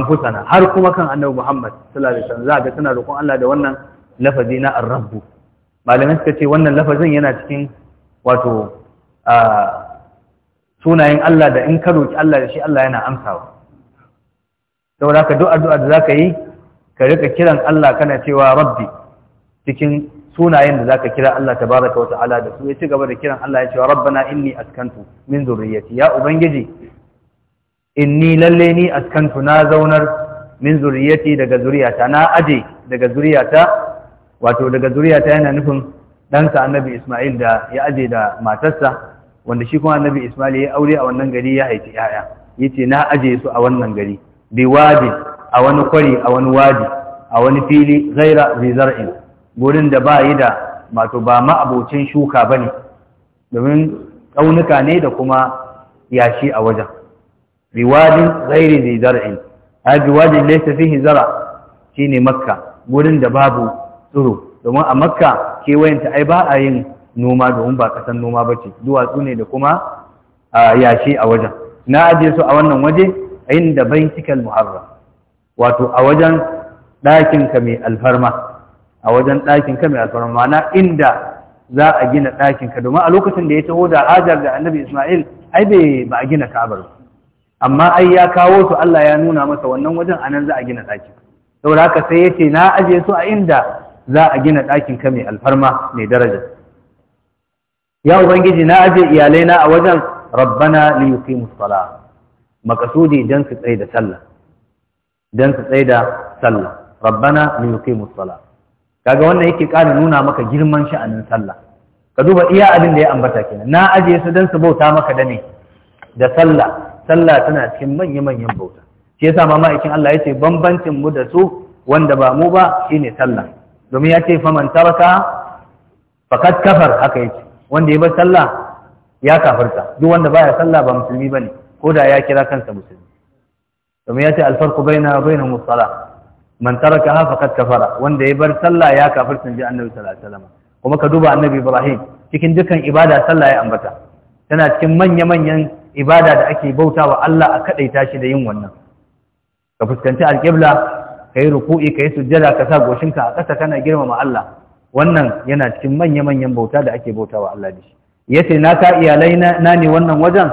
B: fusana. har kuma kan annabi Muhammad sallallahu alaihi za zaka ga suna roƙon Allah da wannan lafazi na arrabbu. malamai suka ce wannan lafazin yana cikin wato ah, sunayen Allah da in ka roki Allah da shi Allah yana amsawa saboda ka duk addu'a da zaka yi ka rika kiran Allah kana cewa rabbi cikin sunayen da zaka kira Allah tabaraka wa ta'ala da su ya ci gaba da kiran Allah ya ce rabbana inni askantu min zurriyyati ya ubangiji inni lalle ni askantu na zaunar min zurriyyati daga zuriyata na aje daga zuriyata wato daga zuriyata yana nufin ɗansa annabi Isma'il da ya aje da matarsa wanda shi kuma annabi Ismail ya aure a wannan gari ya haifi yaya ce na aje su a wannan gari bi wadi a wani kwari a wani wadi a wani fili zaira bi zar'in gurin da ba yi da mato ba ma abocin shuka ne. domin tsaunuka ne da kuma yashi a wajen bi wadi Zaira bi zar'in ai bi wadin laysa fihi zara shine makka gurin da babu tsiro domin a makka kewayenta ai ba a yin noma domin ba kasan noma ba ce duwatsu ne da kuma yashi a wajen na ajiye su a wannan waje inda baitikal muharram wato a wajen ɗakinka mai alfarma a wajen ɗakinka mai alfarma ma'ana inda za a gina ɗakin ka domin a lokacin da ya taho da hajar da annabi isma'il ai bai ba a gina ka'abar ba amma ai ya kawo su Allah ya nuna masa wannan wajen anan za a gina ɗakin saboda haka sai yace na ajiye su a inda za a gina ɗakin ka mai alfarma mai daraja ya ubangiji na aje iyalai na a wajen rabbana li yuqimus sala makasudi dan su tsaye da sallah dan su tsaye da sallah rabbana li yuqimus sala kaga wannan yake kare nuna maka girman sha'anin sallah ka duba iya abin da ya ambata kenan na aje su dan su bauta maka da ne da sallah sallah tana cikin manyan manyan bauta shi yasa ma ma'aikin Allah yace bambancin mu da su wanda ba mu ba shine sallah domin yace faman taraka faqad kafar haka yake wanda ya bar sallah ya kafarta duk wanda baya sallah ba musulmi bane ko da ya kira kansa musulmi domin ya ce alfarku baina bainahum as-salah man tarakaha faqad kafara wanda ya bar sallah ya kafarta ji annabi sallallahu alaihi wasallam kuma ka duba annabi ibrahim cikin dukan ibada sallah ya ambata tana cikin manya-manyan ibada da ake bautawa Allah a kadaita shi da yin wannan ka fuskanci alqibla kai ruku'i kai sujjada ka sa goshinka a ƙasa kana girmama Allah wannan yana cikin manya-manyan bauta da ake bautawa Allah da shi yace na ta iyalai na ne wannan wajen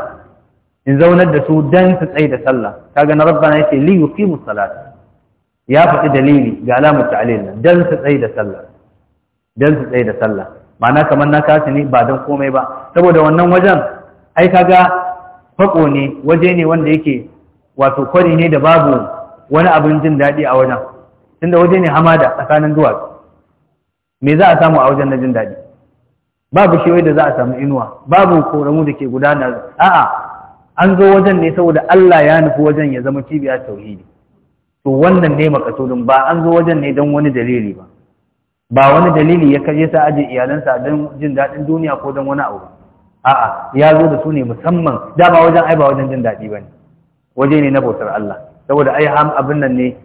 B: in zaunar da su dan su tsaye da sallah kaga na rabbana yace li yuqimu ya faɗi dalili ga alamar ta'lil nan dan su tsaye da sallah dan su tsaye da sallah ma'ana kamar na kasu ne ba dan komai ba saboda wannan wajen ai ga fako ne waje ne wanda yake wato kwari ne da babu wani abin jin daɗi a wajen tunda waje ne hamada tsakanin duwatsu me za a samu a wajen na jin daɗi babu shi da za a samu inuwa babu koramu da ke gudana a'a an zo wajen ne saboda Allah ya nufi wajen ya zama cibiya tauhidi to wannan ne makasudin ba an zo wajen ne don wani dalili ba ba wani dalili ya kaje sa aje iyalansa don jin daɗin duniya ko don wani abu a'a ya zo da su ne musamman Da ba wajen ai ba wajen jin daɗi bane waje ne na bautar Allah saboda ai abin nan ne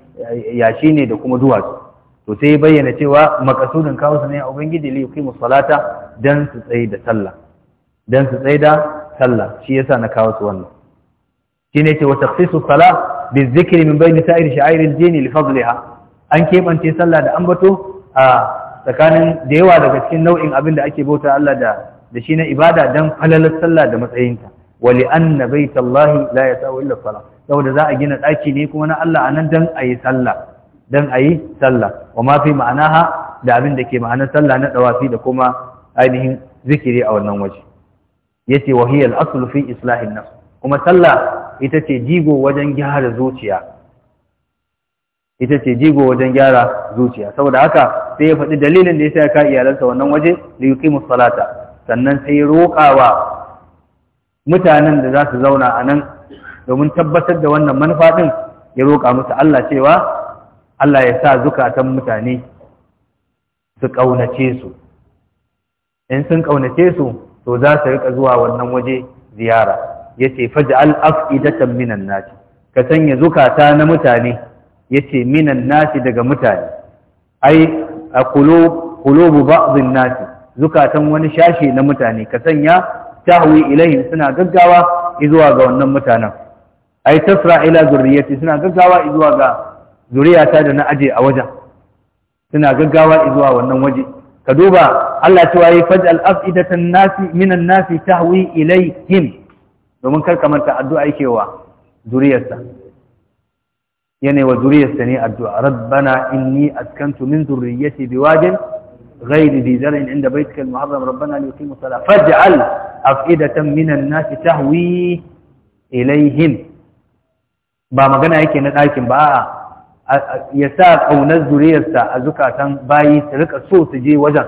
B: yashi ne da kuma duwatsu to sai bayyana cewa makasudin kawo su ne a ubangiji li yuqimu salata dan su tsaye da sallah dan su tsaye da sallah shi yasa na kawo su wannan shine ce wa takhsisu salah bi dhikri min bayni sa'ir sha'ir al-din li fadliha an kebance sallah da ambato a tsakanin da yawa daga cikin nau'in abin da ake bauta Allah da da shi na ibada dan falalar sallah da matsayinta wa li anna baytallahi la yasawu illa salah saboda za a gina daki ne kuma na Allah anan dan ayi sallah dan ayi sallah wa ma fi ma'anaha da abin da ke ma'anar sallah na dawafi da kuma ainihin zikiri a wannan waje yace wa hiya al-aslu fi islahin nafs kuma sallah ita ce jigo wajen gyara zuciya ita ce jigo wajen gyara zuciya saboda haka sai ya faɗi dalilin da ya sa ka iyalansa wannan waje li yuqimu salata sannan sai roƙawa mutanen da za su zauna a nan domin tabbatar da wannan manufa din ya roƙa musu Allah cewa Allah ya sa zukatan mutane su ƙaunace su in sun ƙaunace su to za su rika zuwa wannan waje ziyara yace faj'al af'idatan minan nasi ka sanya zukata na mutane yace minan nasi daga mutane ai qulub qulubu ba'dhin nasi zukatan wani shashi na mutane ka sanya tahwi ilaihim suna gaggawa zuwa ga wannan mutanen ai tasra ila zurriyati suna gaggawa zuwa ga Zuriya ta da na aje a wajen suna gaggawa zuwa wannan waje ka duba Allah cewa yi faj'al afidatan nasi minan nasi tahwi ilaihim domin kar kamar ta addu'a yake wa zuriyarsa yana wa zuriyarsa ne addu'a rabbana inni askantu min zurriyyati biwadin غير ذي زرع عند بيتك المحرم ربنا ليقيموا الصلاة فاجعل أفئدة من الناس تهوي إليهم ba magana yake na ɗakin ba A'a. ya sa ƙaunar zuriyarsa a zukatan bayi su rika so su je wajen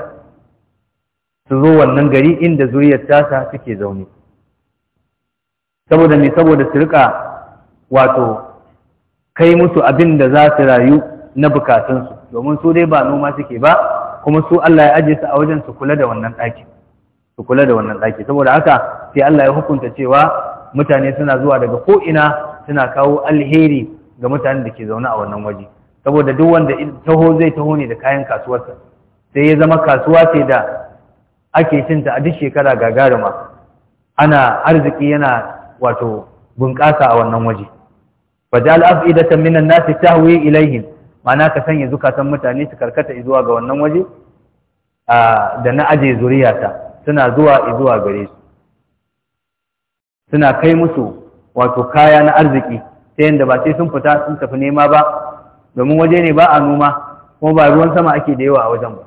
B: su zo wannan gari inda zuriyar tasa suke zaune saboda me saboda su rika wato kai musu abin da za su rayu na bukatunsu domin su dai ba noma suke ba kuma su Allah ya ajiye su a wajen su kula da wannan ɗaki su kula da wannan ɗaki saboda haka sai Allah ya hukunta cewa mutane suna zuwa daga ko'ina suna kawo alheri ga mutanen da ke zaune a wannan waje saboda duk wanda taho zai taho ne da kayan kasuwarsa sai ya zama kasuwa ce da ake cinta a duk shekara gagarima ana arziki yana wato bunƙasa a wannan waje fajal ta minan nasi tahwi ilaihim ma'ana ka sanya zukatan mutane su karkata zuwa ga wannan waje da na aje zuriyata suna zuwa zuwa gare su suna kai musu wato kaya na arziki ta yadda ba sai sun fita sun tafi nema ba domin waje ne ba a noma kuma ba ruwan sama ake da yawa a wajen ba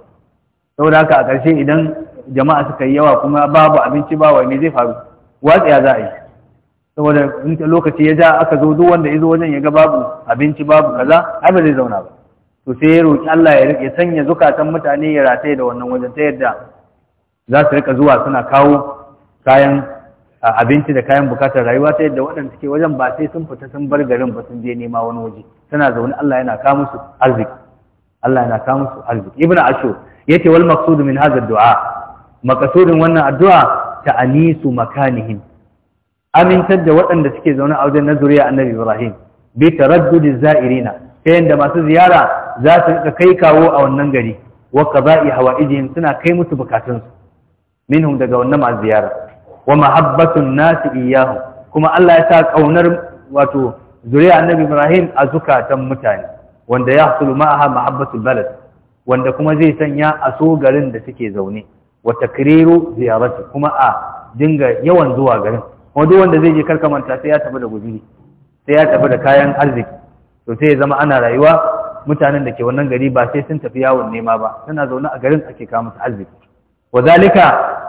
B: saboda haka a ƙarshe idan jama'a suka yi yawa kuma babu abinci ba wai zai faru watsiya za a yi saboda in lokaci ya ja aka zo duk wanda ya zo wajen ya ga babu abinci babu kaza ai ba zai zauna ba to sai ya roƙi Allah ya rike sanya zukatan mutane ya rataye da wannan wajen ta yadda za su rika zuwa suna kawo kayan abinci da kayan bukatar rayuwa ta yadda waɗanda suke wajen ba sai sun fita sun bar garin ba sun je nema wani waje suna zaune Allah yana kawo musu arziki Allah yana kawo musu arziki ibnu ashur yace wal maqsud min hadha du'a maqsudin wannan addu'a ta anisu makanihim amintar da waɗanda suke zaune a wajen nazuriya annabi ibrahim bi taraddudi za'irina ta yadda masu ziyara za su rika kai kawo a wannan gari wa qada'i hawaijihim suna kai musu bukatunsu minhum daga wannan masu ziyara wa mahabbatun nasi iyahu kuma Allah ya sa kaunar wato zuriya annabi Ibrahim a zukatan mutane wanda ya hasulu ma'aha mahabbatul balad wanda kuma zai sanya a so garin da suke zaune wa takriru ziyarati kuma a dinga yawan zuwa garin kuma wanda zai je karka manta sai ya tafi da guzuri sai ya tafi da kayan arziki to sai ya zama ana rayuwa mutanen da ke wannan gari ba sai sun tafi yawon nema ba suna zaune a garin ake kawo musu arziki wa zalika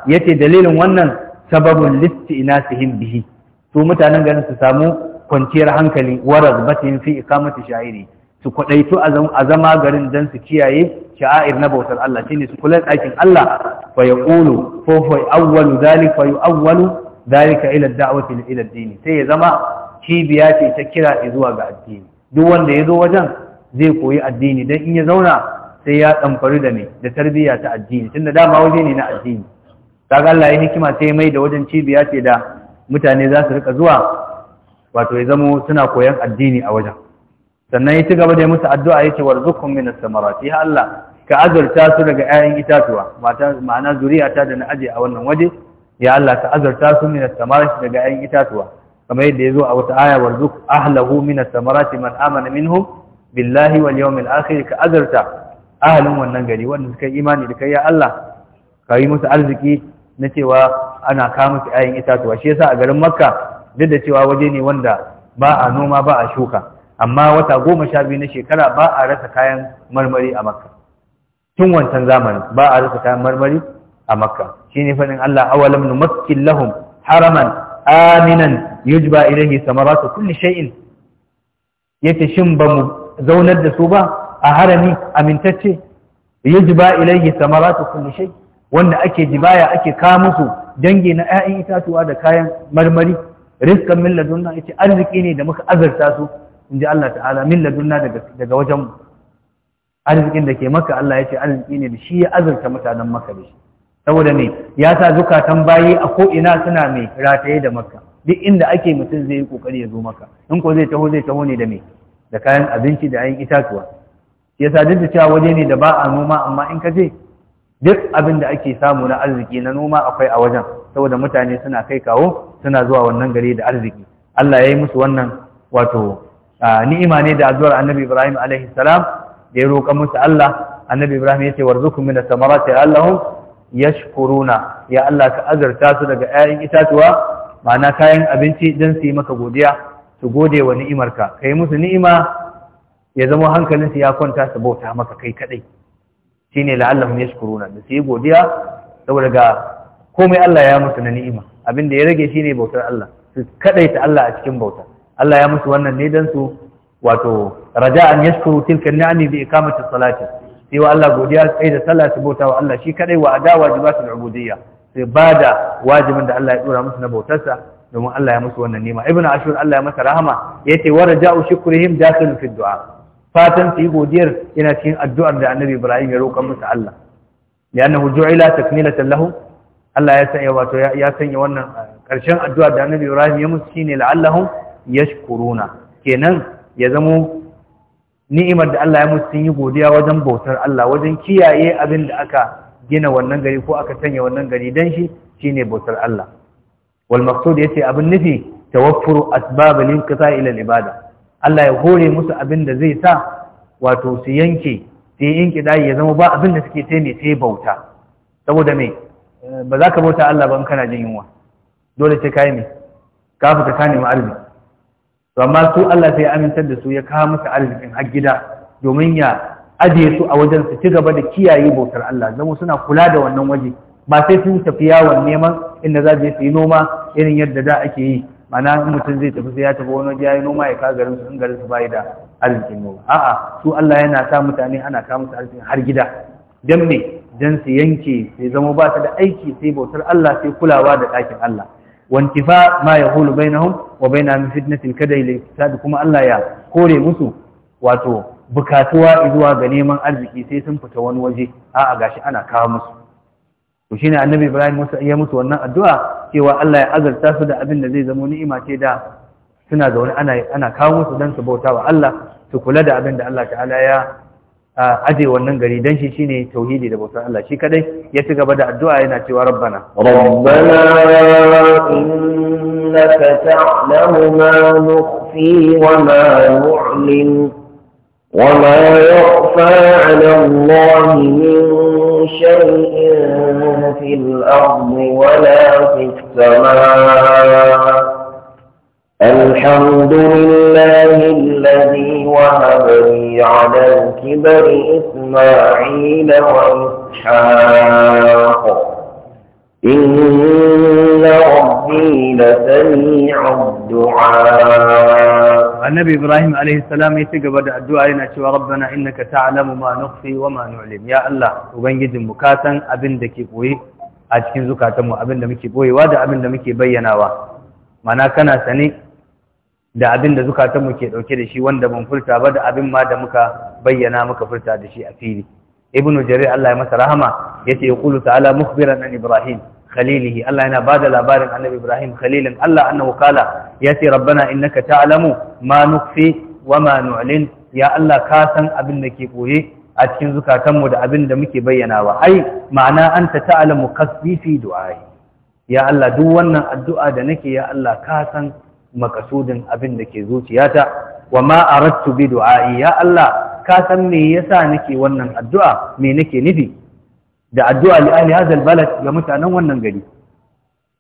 B: yace dalilin wannan sababin listi ina bihi su mutanen garin su samu kwanciyar hankali warar batin fi ikamati sha'iri su kwadaitu a zama garin don su kiyaye sha'air na bautar Allah shine su kula aikin Allah fa yaqulu fa fa awwalu zalika fa yu'awwalu zalika ila da'wati ila ad-din sai ya zama cibiya ce ta kira zuwa ga addini duk wanda ya zo wajen zai koyi addini dan in ya zauna sai ya ɗamfari da me da tarbiyya ta addini tunda dama waje ne na addini kaga Allah ya hikima sai mai da wajen cibiya ce da mutane za su rika zuwa wato ya zamo suna koyan addini a wajen sannan ya ci gaba da musu addu'a yace warzuqhum min as-samarati ya Allah ka azurta su daga 'ya'yan itatuwa ma'ana zuriyata da na aje a wannan waje ya Allah ka azurta su min as-samarati daga 'ya'yan itatuwa kamar yadda yazo a wata aya warzuq ahlahu min as-samarati man amana minhum billahi wal yawmil akhir ka azurta
A: ahalin wannan
B: gari wanda suka imani da kai ya Allah ka yi musu arziki na cewa ana kama su ayin itatuwa shi yasa a garin makka duk da cewa waje ne wanda ba a noma ba a shuka amma wata goma sha biyu na shekara ba a rasa kayan marmari a makka tun wancan zamanin ba a rasa kayan marmari a makka Shi ne fadin Allah awalam numakkin lahum haraman aminan yujba ilaihi samaratu kulli shay'in yace shin ba mu zaunar da su ba a harami amintacce yujba ilaihi samaratu kulli shay'in wanda ake jibaya ake kawo musu dangi na 'ya'yan itatuwa da kayan marmari Riskan min ladunna yace arziki ne da muka azarta su inji Allah ta'ala min ladunna daga daga wajen mu arzikin da ke maka Allah yace arziki ne da shi ya azarta mutanen maka da shi saboda me ya sa zukatan bayi a ko ina suna mai rataye da maka duk inda ake mutum zai yi kokari ya zo maka in ko zai taho zai taho ne da me da kayan abinci da yayan itatuwa yasa duk da cewa waje ne da ba a noma amma in ka je duk abin da ake samu na arziki na noma akwai a wajen saboda mutane suna kai kawo suna zuwa wannan gari da arziki Allah ya yi musu wannan wato ni'ima ne da azuwar annabi Ibrahim alaihi salam da ya roƙa musu Allah annabi Ibrahim ya ce warzukum min as-samarati allahum yashkuruna ya Allah ka azarta su daga 'ya'yan itatuwa ma'ana kayan abinci dan su yi maka godiya su gode wa ni'imarka kai musu ni'ima ya zama hankalinsu ya kwanta su bauta maka kai kadai Shi ne ya la'allahum yashkuruna da su yi godiya saboda ga komai Allah ya musu na ni'ima Abinda ya rage shi ne bautar Allah su kadaita Allah a cikin bauta Allah ya musu wannan ne dan su wato raja'an yashkuru tilka ni'ami bi iqamati salati sai wa Allah godiya sai da sallah su bauta wa Allah shi kadai wa ada wajibatul ubudiyya ba da wajibin da Allah ya dora musu na bautarsa domin Allah ya musu wannan ni'ima ibnu ashur Allah ya masa rahama yace wa raja'u shukrihim dakhilun fi du'a fatan su yi godiyar yana cikin addu'ar da annabi ibrahim ya roƙa musu allah ya annahu ju'ila takmilatan lahu allah ya sanya wato ya sanya wannan eh, ƙarshen addu'ar da annabi ibrahim ya musu shine la'allahum yashkuruna kenan ya zamo ni'imar da Allah ya musu sun yi godiya wajen bautar Allah wajen kiyaye abin da aka gina wannan gari ko aka sanya wannan gari dan shi shine bautar Allah wal ya ce abin nufi tawaffuru asbab kasa ila ibada Allah ya hore musu abin da zai sa wato su yanke sai yi inkidayi ya zama ba abin da suke sai ne sai bauta saboda me ba za ka bauta Allah ba in kana jin yunwa dole sai kai me ka fita ka nemi arziki to amma su Allah sai ya aminta da su ya kawo musu arzikin har gida domin ya ajiye su a wajen su ci gaba da kiyaye bautar Allah zama suna kula da wannan waje ba sai sun tafi yawon neman inda za su yi noma irin yadda da ake yi mana mutum zai tafi sai ya tafi wani waje ya yi noma ya kawo garin su in garin su bai da arzikin noma a'a su Allah yana sa mutane ana kawo musu arzikin har gida dan me dan su yanke sai zama ba su da aiki sai bautar Allah sai kulawa da ɗakin Allah wantifa ma yahulu bainahum wa bainahum fitnatil kadai li kuma Allah ya kore musu wato bukatuwa zuwa ga neman arziki sai sun fita wani waje a'a gashi ana kawo musu to ne annabi Ibrahim ya mutu wannan addu'a cewa Allah ya azarta su da abin da zai zama ni'ima ce da suna zaune ana kawo musu dan su bauta wa Allah su kula da abin da Allah ta'ala ya aje wannan gari dan shi ne tauhidi da bautar Allah shi kadai ya ci gaba da addu'a yana cewa rabbana rabbana
A: innaka ta'lamu ma nukhfi شيء في الأرض ولا في السماء الحمد لله الذي وهب لي على الكبر إسماعيل وإسحاق إن ربي لسميع الدعاء
B: annabi ibrahim alaihissalam ya ci gaba da addu'a yana cewa rabbana innaka ta'lamu ma nukhfi wa ma nu'lim ya allah ubangijin mu ka san abin da ke ɓoye a cikin zukatanmu abin da muke ɓoyewa da abin da muke bayyanawa mana kana sane da abin da zukatanmu ke dauke da shi wanda mun furta ba da abin ma da muka bayyana muka furta da shi a fili ibnu jarir allah ya masa rahama yace Kulu ta'ala mukhbiran an ibrahim khalilihi Allah yana bada labarin annabi Ibrahim khalilin Allah annahu kala yace rabbana innaka ta'lamu ma nukfi wa ma nu'lin ya Allah ka san abin da ke koye a cikin zukatanmu da abin da muke bayyanawa ai ma'ana anta ta'lamu qasdi fi du'ai ya Allah duk wannan addu'a da nake ya Allah ka san makasudin abin da ke zuciyata wa ma aradtu bi du'ai ya Allah ka san me yasa nake wannan addu'a me nake nufi da addu'a li ahli hadha ga mutanen wannan gari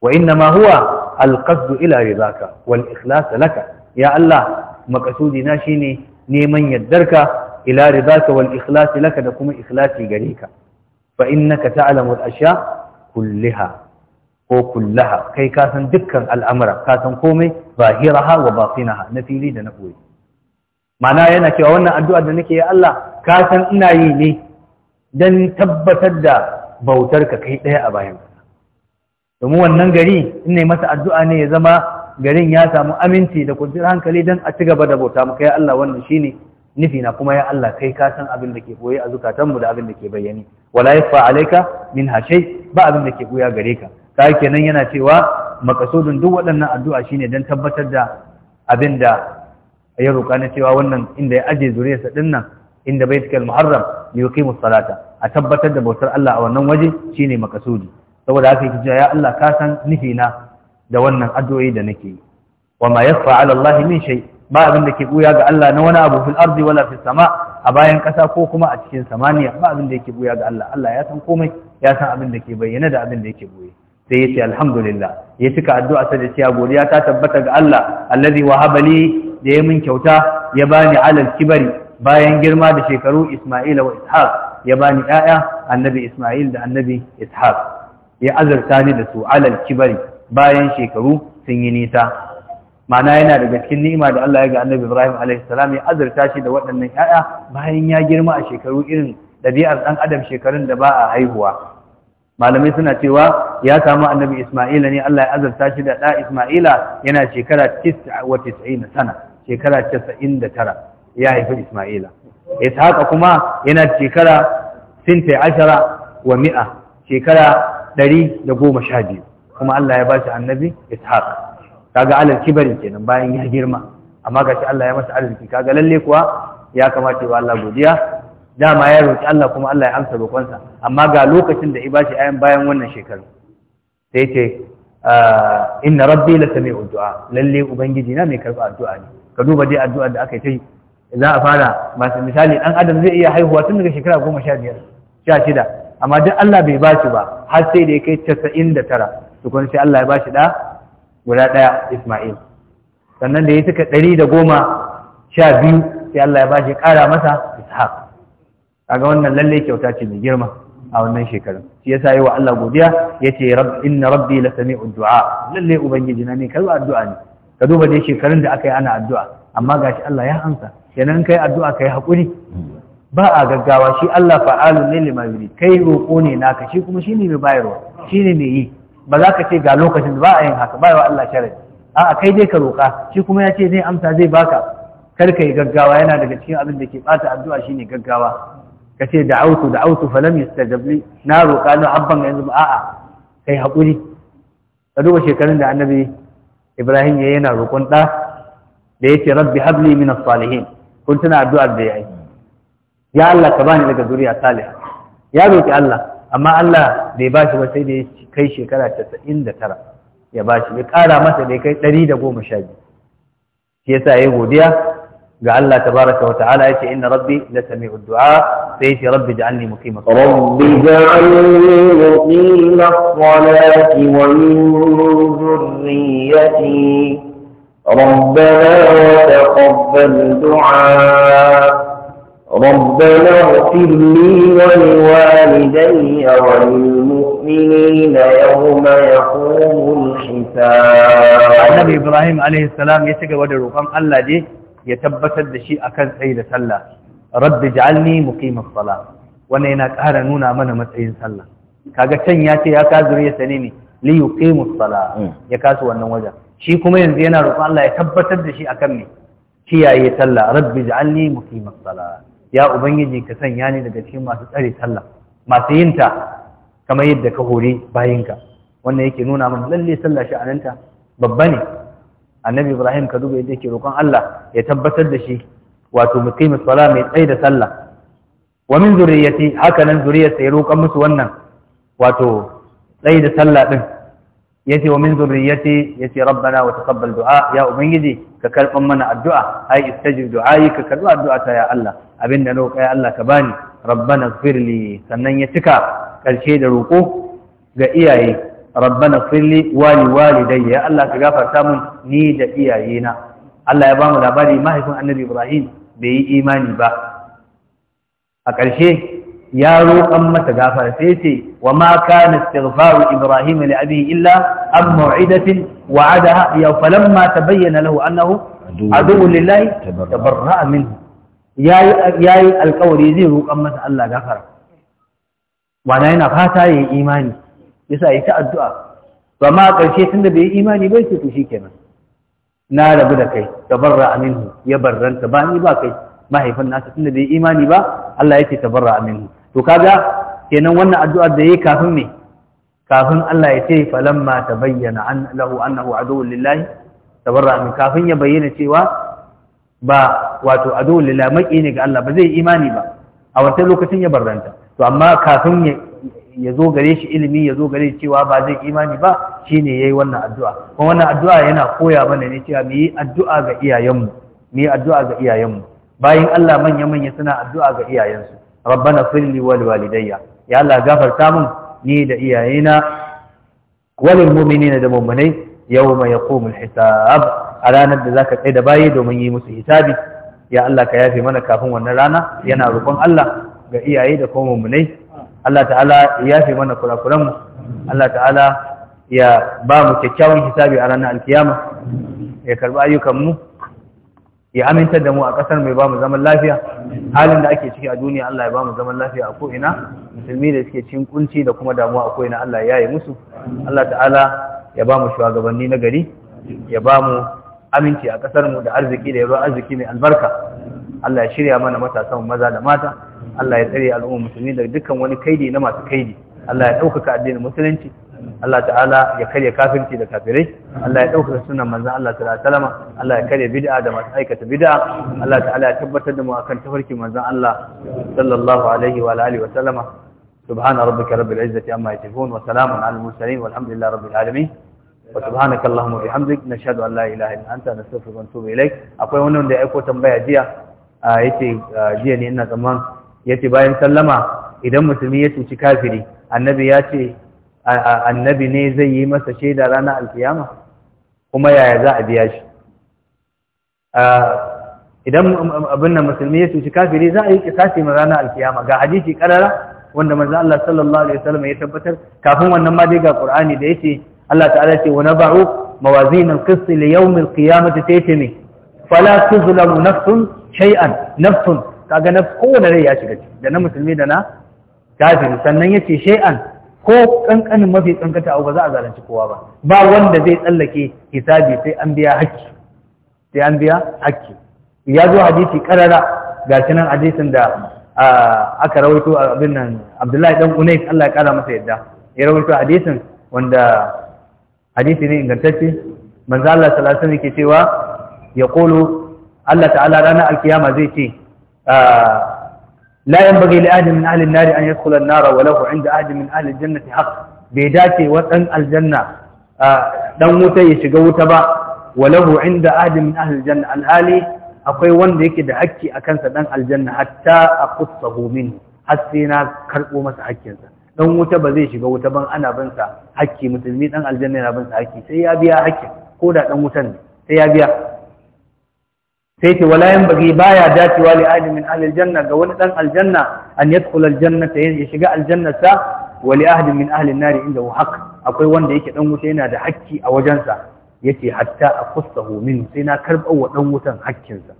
B: wa inna ma huwa alqasd ila ka, wal ikhlas laka ya Allah makasudi na shine neman yaddarka ila ka wal ikhlas laka da kuma ikhlasi gare ka fa innaka ta'lamu al ashya kullaha ko kullaha kai ka san dukkan al'amura ka san komai hiraha wa batinaha na fili da na koyi mana yana cewa wannan addu'a da nake ya Allah ka san ina yi ne Dan tabbatar da bautar ka kai ɗaya a bayan ka domin wannan gari in ne masa addu'a ne ya zama garin ya samu aminci da kwanciyar hankali don a ci gaba da bauta mu kai Allah wannan shine nufi na kuma ya Allah kai ka san abin da ke koyi a zukatanmu da abin da ke bayyane wala yafa alaika min hashay ba abin da ke koya gare ka ka kenan yana cewa makasudin duk waɗannan addu'a shine don tabbatar da abin da ya roƙa na cewa wannan inda ya aje zuriyarsa ɗin nan inda baitul muharram li yuqimu salata a tabbatar da bautar Allah a wannan waje shine makasudi saboda haka yake ya Allah ka san na da wannan addu'o'i da nake yi wa ma yakhfa 'ala Allah min shay ba abin da ke buya ga Allah na wani abu fil ardi wala fis sama a bayan kasa ko kuma a cikin samaniya ba abin da yake buya ga Allah Allah ya san komai ya san abin da ke bayyana da abin da yake buye sai yace alhamdulillah ya cika addu'a ta da cewa godiya ta tabbata ga Allah allazi wahaba li da ya min kyauta ya bani alal kibari bayan girma da shekaru Isma'ila wa Ishaq ya bani ƴaƴa annabi Isma'il da annabi Ishaq ya azurta ni da su alal kibari bayan shekaru sun yi nisa ma'ana yana daga cikin ni'ima da Allah ya ga annabi Ibrahim alaihi salam ya azurta shi da waɗannan ƴaƴa bayan ya girma a shekaru irin ɗabi'ar ɗan adam shekarun da ba a haihuwa malamai suna cewa ya samu annabi Isma'ila ne Allah ya azurta shi da ɗa Isma'ila yana shekara 99 sana shekara 99 ya haifi Isma'ila Ishaqa kuma yana shekara sinta ashara wa mi'a shekara ɗari da goma sha biyu kuma Allah ya ba shi annabi Ishaq kaga alal kibari kenan bayan ya girma amma gashi Allah ya masa arziki kaga lalle kuwa ya kamata wa Allah godiya dama ya roƙi Allah kuma Allah ya amsa roƙonsa amma ga lokacin da ya ibashi ayan bayan wannan shekaru sai ce ah, inna rabbi la sami'u du'a lalle ubangiji na mai karɓa addu'a ne ka duba dai addua da aka yi za a fara masu misali ɗan adam zai iya haihuwa tun daga shekara goma sha biyar sha shida amma duk Allah bai ba shi ba har sai da ya kai casa'in da tara tukun sai Allah ya ba shi ɗa guda ɗaya Ismail sannan da ya saka ɗari da goma sha biyu sai Allah ya ba shi ƙara masa Ishaq kaga wannan lallai kyauta ce mai girma a wannan shekarun shi yasa yi wa Allah godiya ya ce inna rabbi la sami'u du'a lallai ubangiji na ne kai addu'a ne ka duba dai shekarun da aka yi ana addu'a amma gashi Allah ya amsa kenan kai addu'a kai haƙuri ba a gaggawa shi Allah fa'alu ne lima yuri kai roƙo ne naka shi kuma shine mai bayarwa shine mai yi ba za ka ce ga lokacin ba a yin haka ba Allah sharadi a'a kai dai ka roƙa shi kuma ya ce zai amsa zai baka kar ka yi gaggawa yana daga cikin abin da ke bata addu'a shine gaggawa ka ce da autu da autu fa lam yastajabli na roƙa na abban yanzu ba a'a kai haƙuri ka duba shekarun da annabi Ibrahim ya yi yana roƙon ɗa da ya ce rabbi habli min as-salihin kun tuna addu'ar da ya yi ya Allah ka bani daga zuriya salih ya roki Allah amma Allah bai ba shi ba sai da ya kai shekara 99 ya ba shi ya kara masa da ya kai 112 shi yasa yayi godiya ga Allah tabaraka wa ta'ala yace inna rabbi la sami'u du'a sai yace rabbi ja'alni muqima rabbi ja'alni
A: muqima salati wa min dhurriyyati ربنا وتقبل دعاء ربنا اغفر لي ولوالدي
B: وللمؤمنين يوم يقوم الحساب النبي ابراهيم عليه السلام يتقوى روقان الله دي يتبتد شيء أكن سيد سلا رب اجعلني مقيم الصلاة وانا هنا قهر نونا من مسعين سلا كاقا ياتي يا كازر يسنيني ليقيم الصلاة يكاسو أنه وجه shi kuma yanzu yana roƙon Allah ya tabbatar da shi akan ne. kiyaye sallah rabbi ja'alni muqimas salah ya ubangiji ka sanya ni daga cikin masu tsare sallah masu yin ta kamar yadda ka hore bayinka wannan yake nuna mana lalle sallah ananta. babba ne annabi ibrahim ka duba yadda yake roƙon Allah ya tabbatar da shi wato muqimus salah mai tsaida da sallah wa min zurriyyati haka nan zuriyarsa ya roƙon musu wannan wato tsaye da sallah din yace wa min zurriyyati yace rabbana wa taqabbal du'a ya ubangiji ka karban mana addu'a ai istajib du'ai ka karbi addu'a ta ya Allah abinda na kai Allah ka bani rabbana firli sannan ya cika karshe da roko ga iyaye rabbana firli wali walidayya ya Allah ka gafarta mun ni da iyayena Allah ya bamu labari mahaifin Annabi Ibrahim bai yi imani ba a ƙarshe ya roƙan mata gafara sai ce wa ma kana istighfaru ibrahim li abihi illa an mau'idatin wa'adaha ya falamma tabayyana lahu annahu aduwwu lillahi tabarra'a minhu yayi yayi alƙawari zai roƙan masa Allah gafara wana yana fata yayi imani yasa yayi ta addu'a to amma ƙarshe tunda bai yi imani bai ce to shikenan na rabu da kai tabarra'a minhu ya barranta ba ni ba kai mahaifin nasa tunda bai yi imani ba Allah yake tabarra'a minhu to kaga kenan wannan addu'ar da yayi kafin me kafin Allah ya ce falamma tabayyana an lahu annahu aduwwul lillahi tabarra min kafin ya bayyana cewa ba wato aduwwul lillahi maki ne ga Allah ba zai imani ba a wancan lokacin ya barranta to amma kafin ya zo gare shi ilimi ya zo gare cewa ba zai imani ba shine yayi wannan addu'a kuma wannan addu'a yana koya mana ne cewa mu yi addu'a ga iyayenmu mu yi addu'a ga iyayenmu bayin Allah manya manya suna addu'a ga iyayensu rabbana firli wal walidayya ya Allah gafarta mun ni da iyayena walil mu'minina da mu'minai yawma yaqumul hisab a ranar da zaka kai da bayi domin yi musu hisabi ya Allah ka yafe mana kafin wannan rana yana rukon Allah ga iyaye da kuma mu'minai Allah ta'ala ya yafe mana kurakuran mu Allah ta'ala ya ba mu kyakkyawan hisabi a ranar alkiyama ya karbi ayyukan mu ya amintar da mu a kasar mai ba mu zaman lafiya halin da ake ciki a duniya Allah ya ba mu zaman lafiya a ko'ina musulmi da suke cin kunci da kuma damuwa a ko'ina Allah ya yi musu Allah ta'ala ya ba mu shugabanni na gari ya ba mu aminci a ƙasar mu da arziki da yaro arziki mai albarka Allah ya shirya mana matasan maza da mata Allah ya tsare al'ummar musulmi da dukkan wani kaidi na masu kaidi Allah ya ɗaukaka addinin musulunci Allah ta'ala ya karya kafirci da kafirai Allah ya ɗaukar sunan manzan Allah ta'ala salama Allah ya karya bid'a da masu aikata bid'a Allah ta'ala ya tabbatar da mu akan tafarki manzan Allah sallallahu alaihi wa alihi wa sallama subhana rabbika rabbil izzati amma yasifun wa salamun alal mursalin walhamdulillahi rabbil alamin wa subhanaka allahumma bihamdik nashhadu an la ilaha illa anta nastaghfiruka wa natubu ilaik akwai wani wanda ya aiko tambaya jiya yace jiya ne ina zaman yace bayan sallama idan musulmi ya cuci kafiri annabi ya ce annabi ne zai yi masa shaida rana alkiyama kuma yaya za a biya shi idan abin nan musulmi ya cuci kafiri za a yi kisasi ma ranar alkiyama ga hadisi karara wanda manzo Allah sallallahu alaihi wasallam ya tabbatar kafin wannan ma dai ga Qur'ani da yake Allah ta'ala ce wa naba'u mawazin al-qist li yawm al-qiyamati taytimi fala tuzlamu nafsun shay'an nafsun kaga nafs kowane rai ya shiga da na musulmi da na kafiri sannan yace shay'an ko kankanin mafi kankanta abu ba za a zalunci kowa ba ba wanda zai tsallake hisabi sai an biya hakki sai an biya hakki ya zo hadisi karara ga shi nan hadisin da aka rawaito abin nan Abdullahi dan Unais Allah ya kara masa yadda ya rawaito hadisin wanda hadisi ne ingantacce manzo Allah sallallahu yake cewa ya qulu Allah ta'ala ranar alkiyama zai ce لا ينبغي لأحد من أهل النار أن يدخل النار وله عند أحد من أهل الجنة حق بيداتي وطن الجنة دون متي شقوت با وله عند أحد من أهل الجنة الآلي أقوي وندك دعكي أكنس دن الجنة حتى أقصه منه حسينا كرقو مسا حكي دون متى بزي شقوت با أنا بنسى حكي مسلمين أن الجنة أنا بنسى حكي سيابيا حكي كودا دون متن سيابيا sai ce wala yanbaghi baya dacewa li ahli min ahli aljanna ga wani dan aljanna an yadkhul ta ya shiga aljannata wa li ahli min ahli an-nar inda haqq akwai wanda yake dan wuta yana da hakki a wajensa yace hatta aqustahu min sai na karɓar wa dan wutan hakkinsa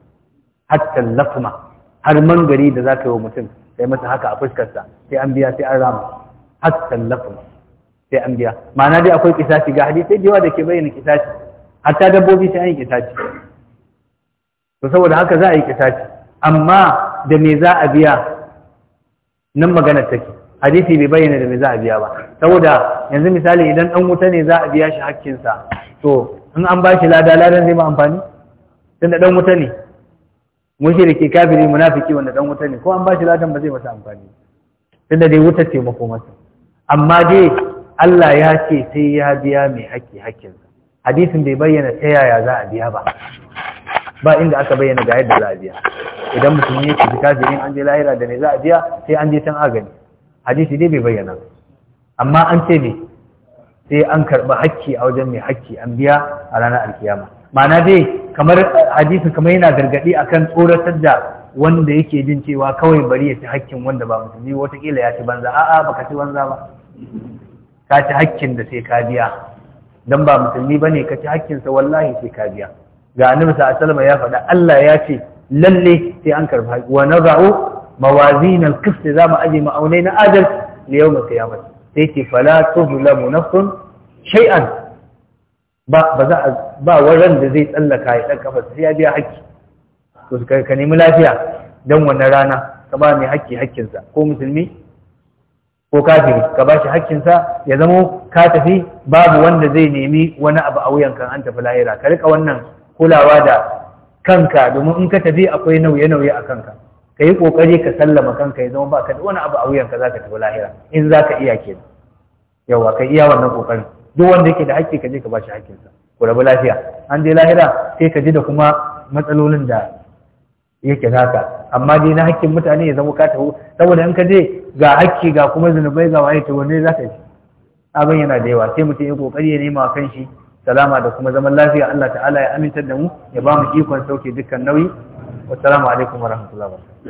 B: hatta lafma har mangari da zaka yi wa mutum sai masa haka a sa sai an biya sai an rama hatta lafma sai an biya ma'ana dai akwai kisasi ga hadisi da yawa da ke bayyana kisasi hatta dabbobi sai an yi kisasi to saboda haka za a yi kisasi amma da me za a biya nan magana take hadisi bai bayyana da me za a biya ba saboda yanzu misali idan dan wuta ne za a biya shi hakkinsa to in an ba shi lada ladan zai ma amfani tunda dan wuta ne mushriki kafiri munafiki wanda dan wuta ne ko an ba shi ladan ba zai masa amfani da dai wuta ce mako masa amma dai Allah ya ce sai ya biya mai haƙƙi haƙƙinsa hadisin bai bayyana ta yaya za a biya ba ba inda aka bayyana ga yadda za a biya idan mutum ya ci jirin an je lahira da ne za a biya sai an je can agani hadisi dai bai bayyana amma an ce ne sai an karɓi hakki a wajen mai hakki an biya a ranar alkiyama ma'ana dai kamar hadisi kamar yana gargaɗi akan tsoratar da wanda yake jin cewa kawai bari ya ci hakkin wanda ba mutum wata watakila ya ci banza a'a baka ci banza ba ka ci hakkin da sai ka biya dan ba musulmi bane ka ci sa wallahi sai ka biya ga annabi a salama ya faɗa Allah ya ce lalle sai an karbi haƙi wa naza'u mawazin al-qist za mu aje ma'aunai na adal li yawm al-qiyamah sai ce fala tuzlamu nafsun shay'an ba ba za da zai tsallaka ya dan kafa sai ya biya haƙi to ka nemi lafiya dan wannan rana ka ba mai haƙƙi haƙƙinsa ko musulmi ko kafiri ka ba shi haƙƙinsa ya zamo ka tafi babu wanda zai nemi wani abu a wuyan wuyanka an tafi lahira ka riƙa wannan kulawa da kanka domin in ka tafi akwai nauye-nauye a kanka ka yi ƙoƙari ka sallama kanka ya zama ba ka da wani abu a wuyanka za ka tafi lahira in za ka iya kenan yawa ka iya wannan ƙoƙarin duk wanda yake da haƙƙi ka je ka ba shi haƙƙinsa ku rabu lafiya an je lahira sai ka ji da kuma matsalolin da yake naka amma dai na haƙƙin mutane ya zama ka tafi saboda in ka je ga haƙƙi ga kuma zunubai ga waye to wanne za ka yi abin yana da yawa sai mutum ya ƙoƙari ya nema kan shi salama da kuma zaman lafiya Allah ta'ala ya amintar da mu ya ba mu ikon sauke dukkan nauyi salamu alaikum wa wabarakatuh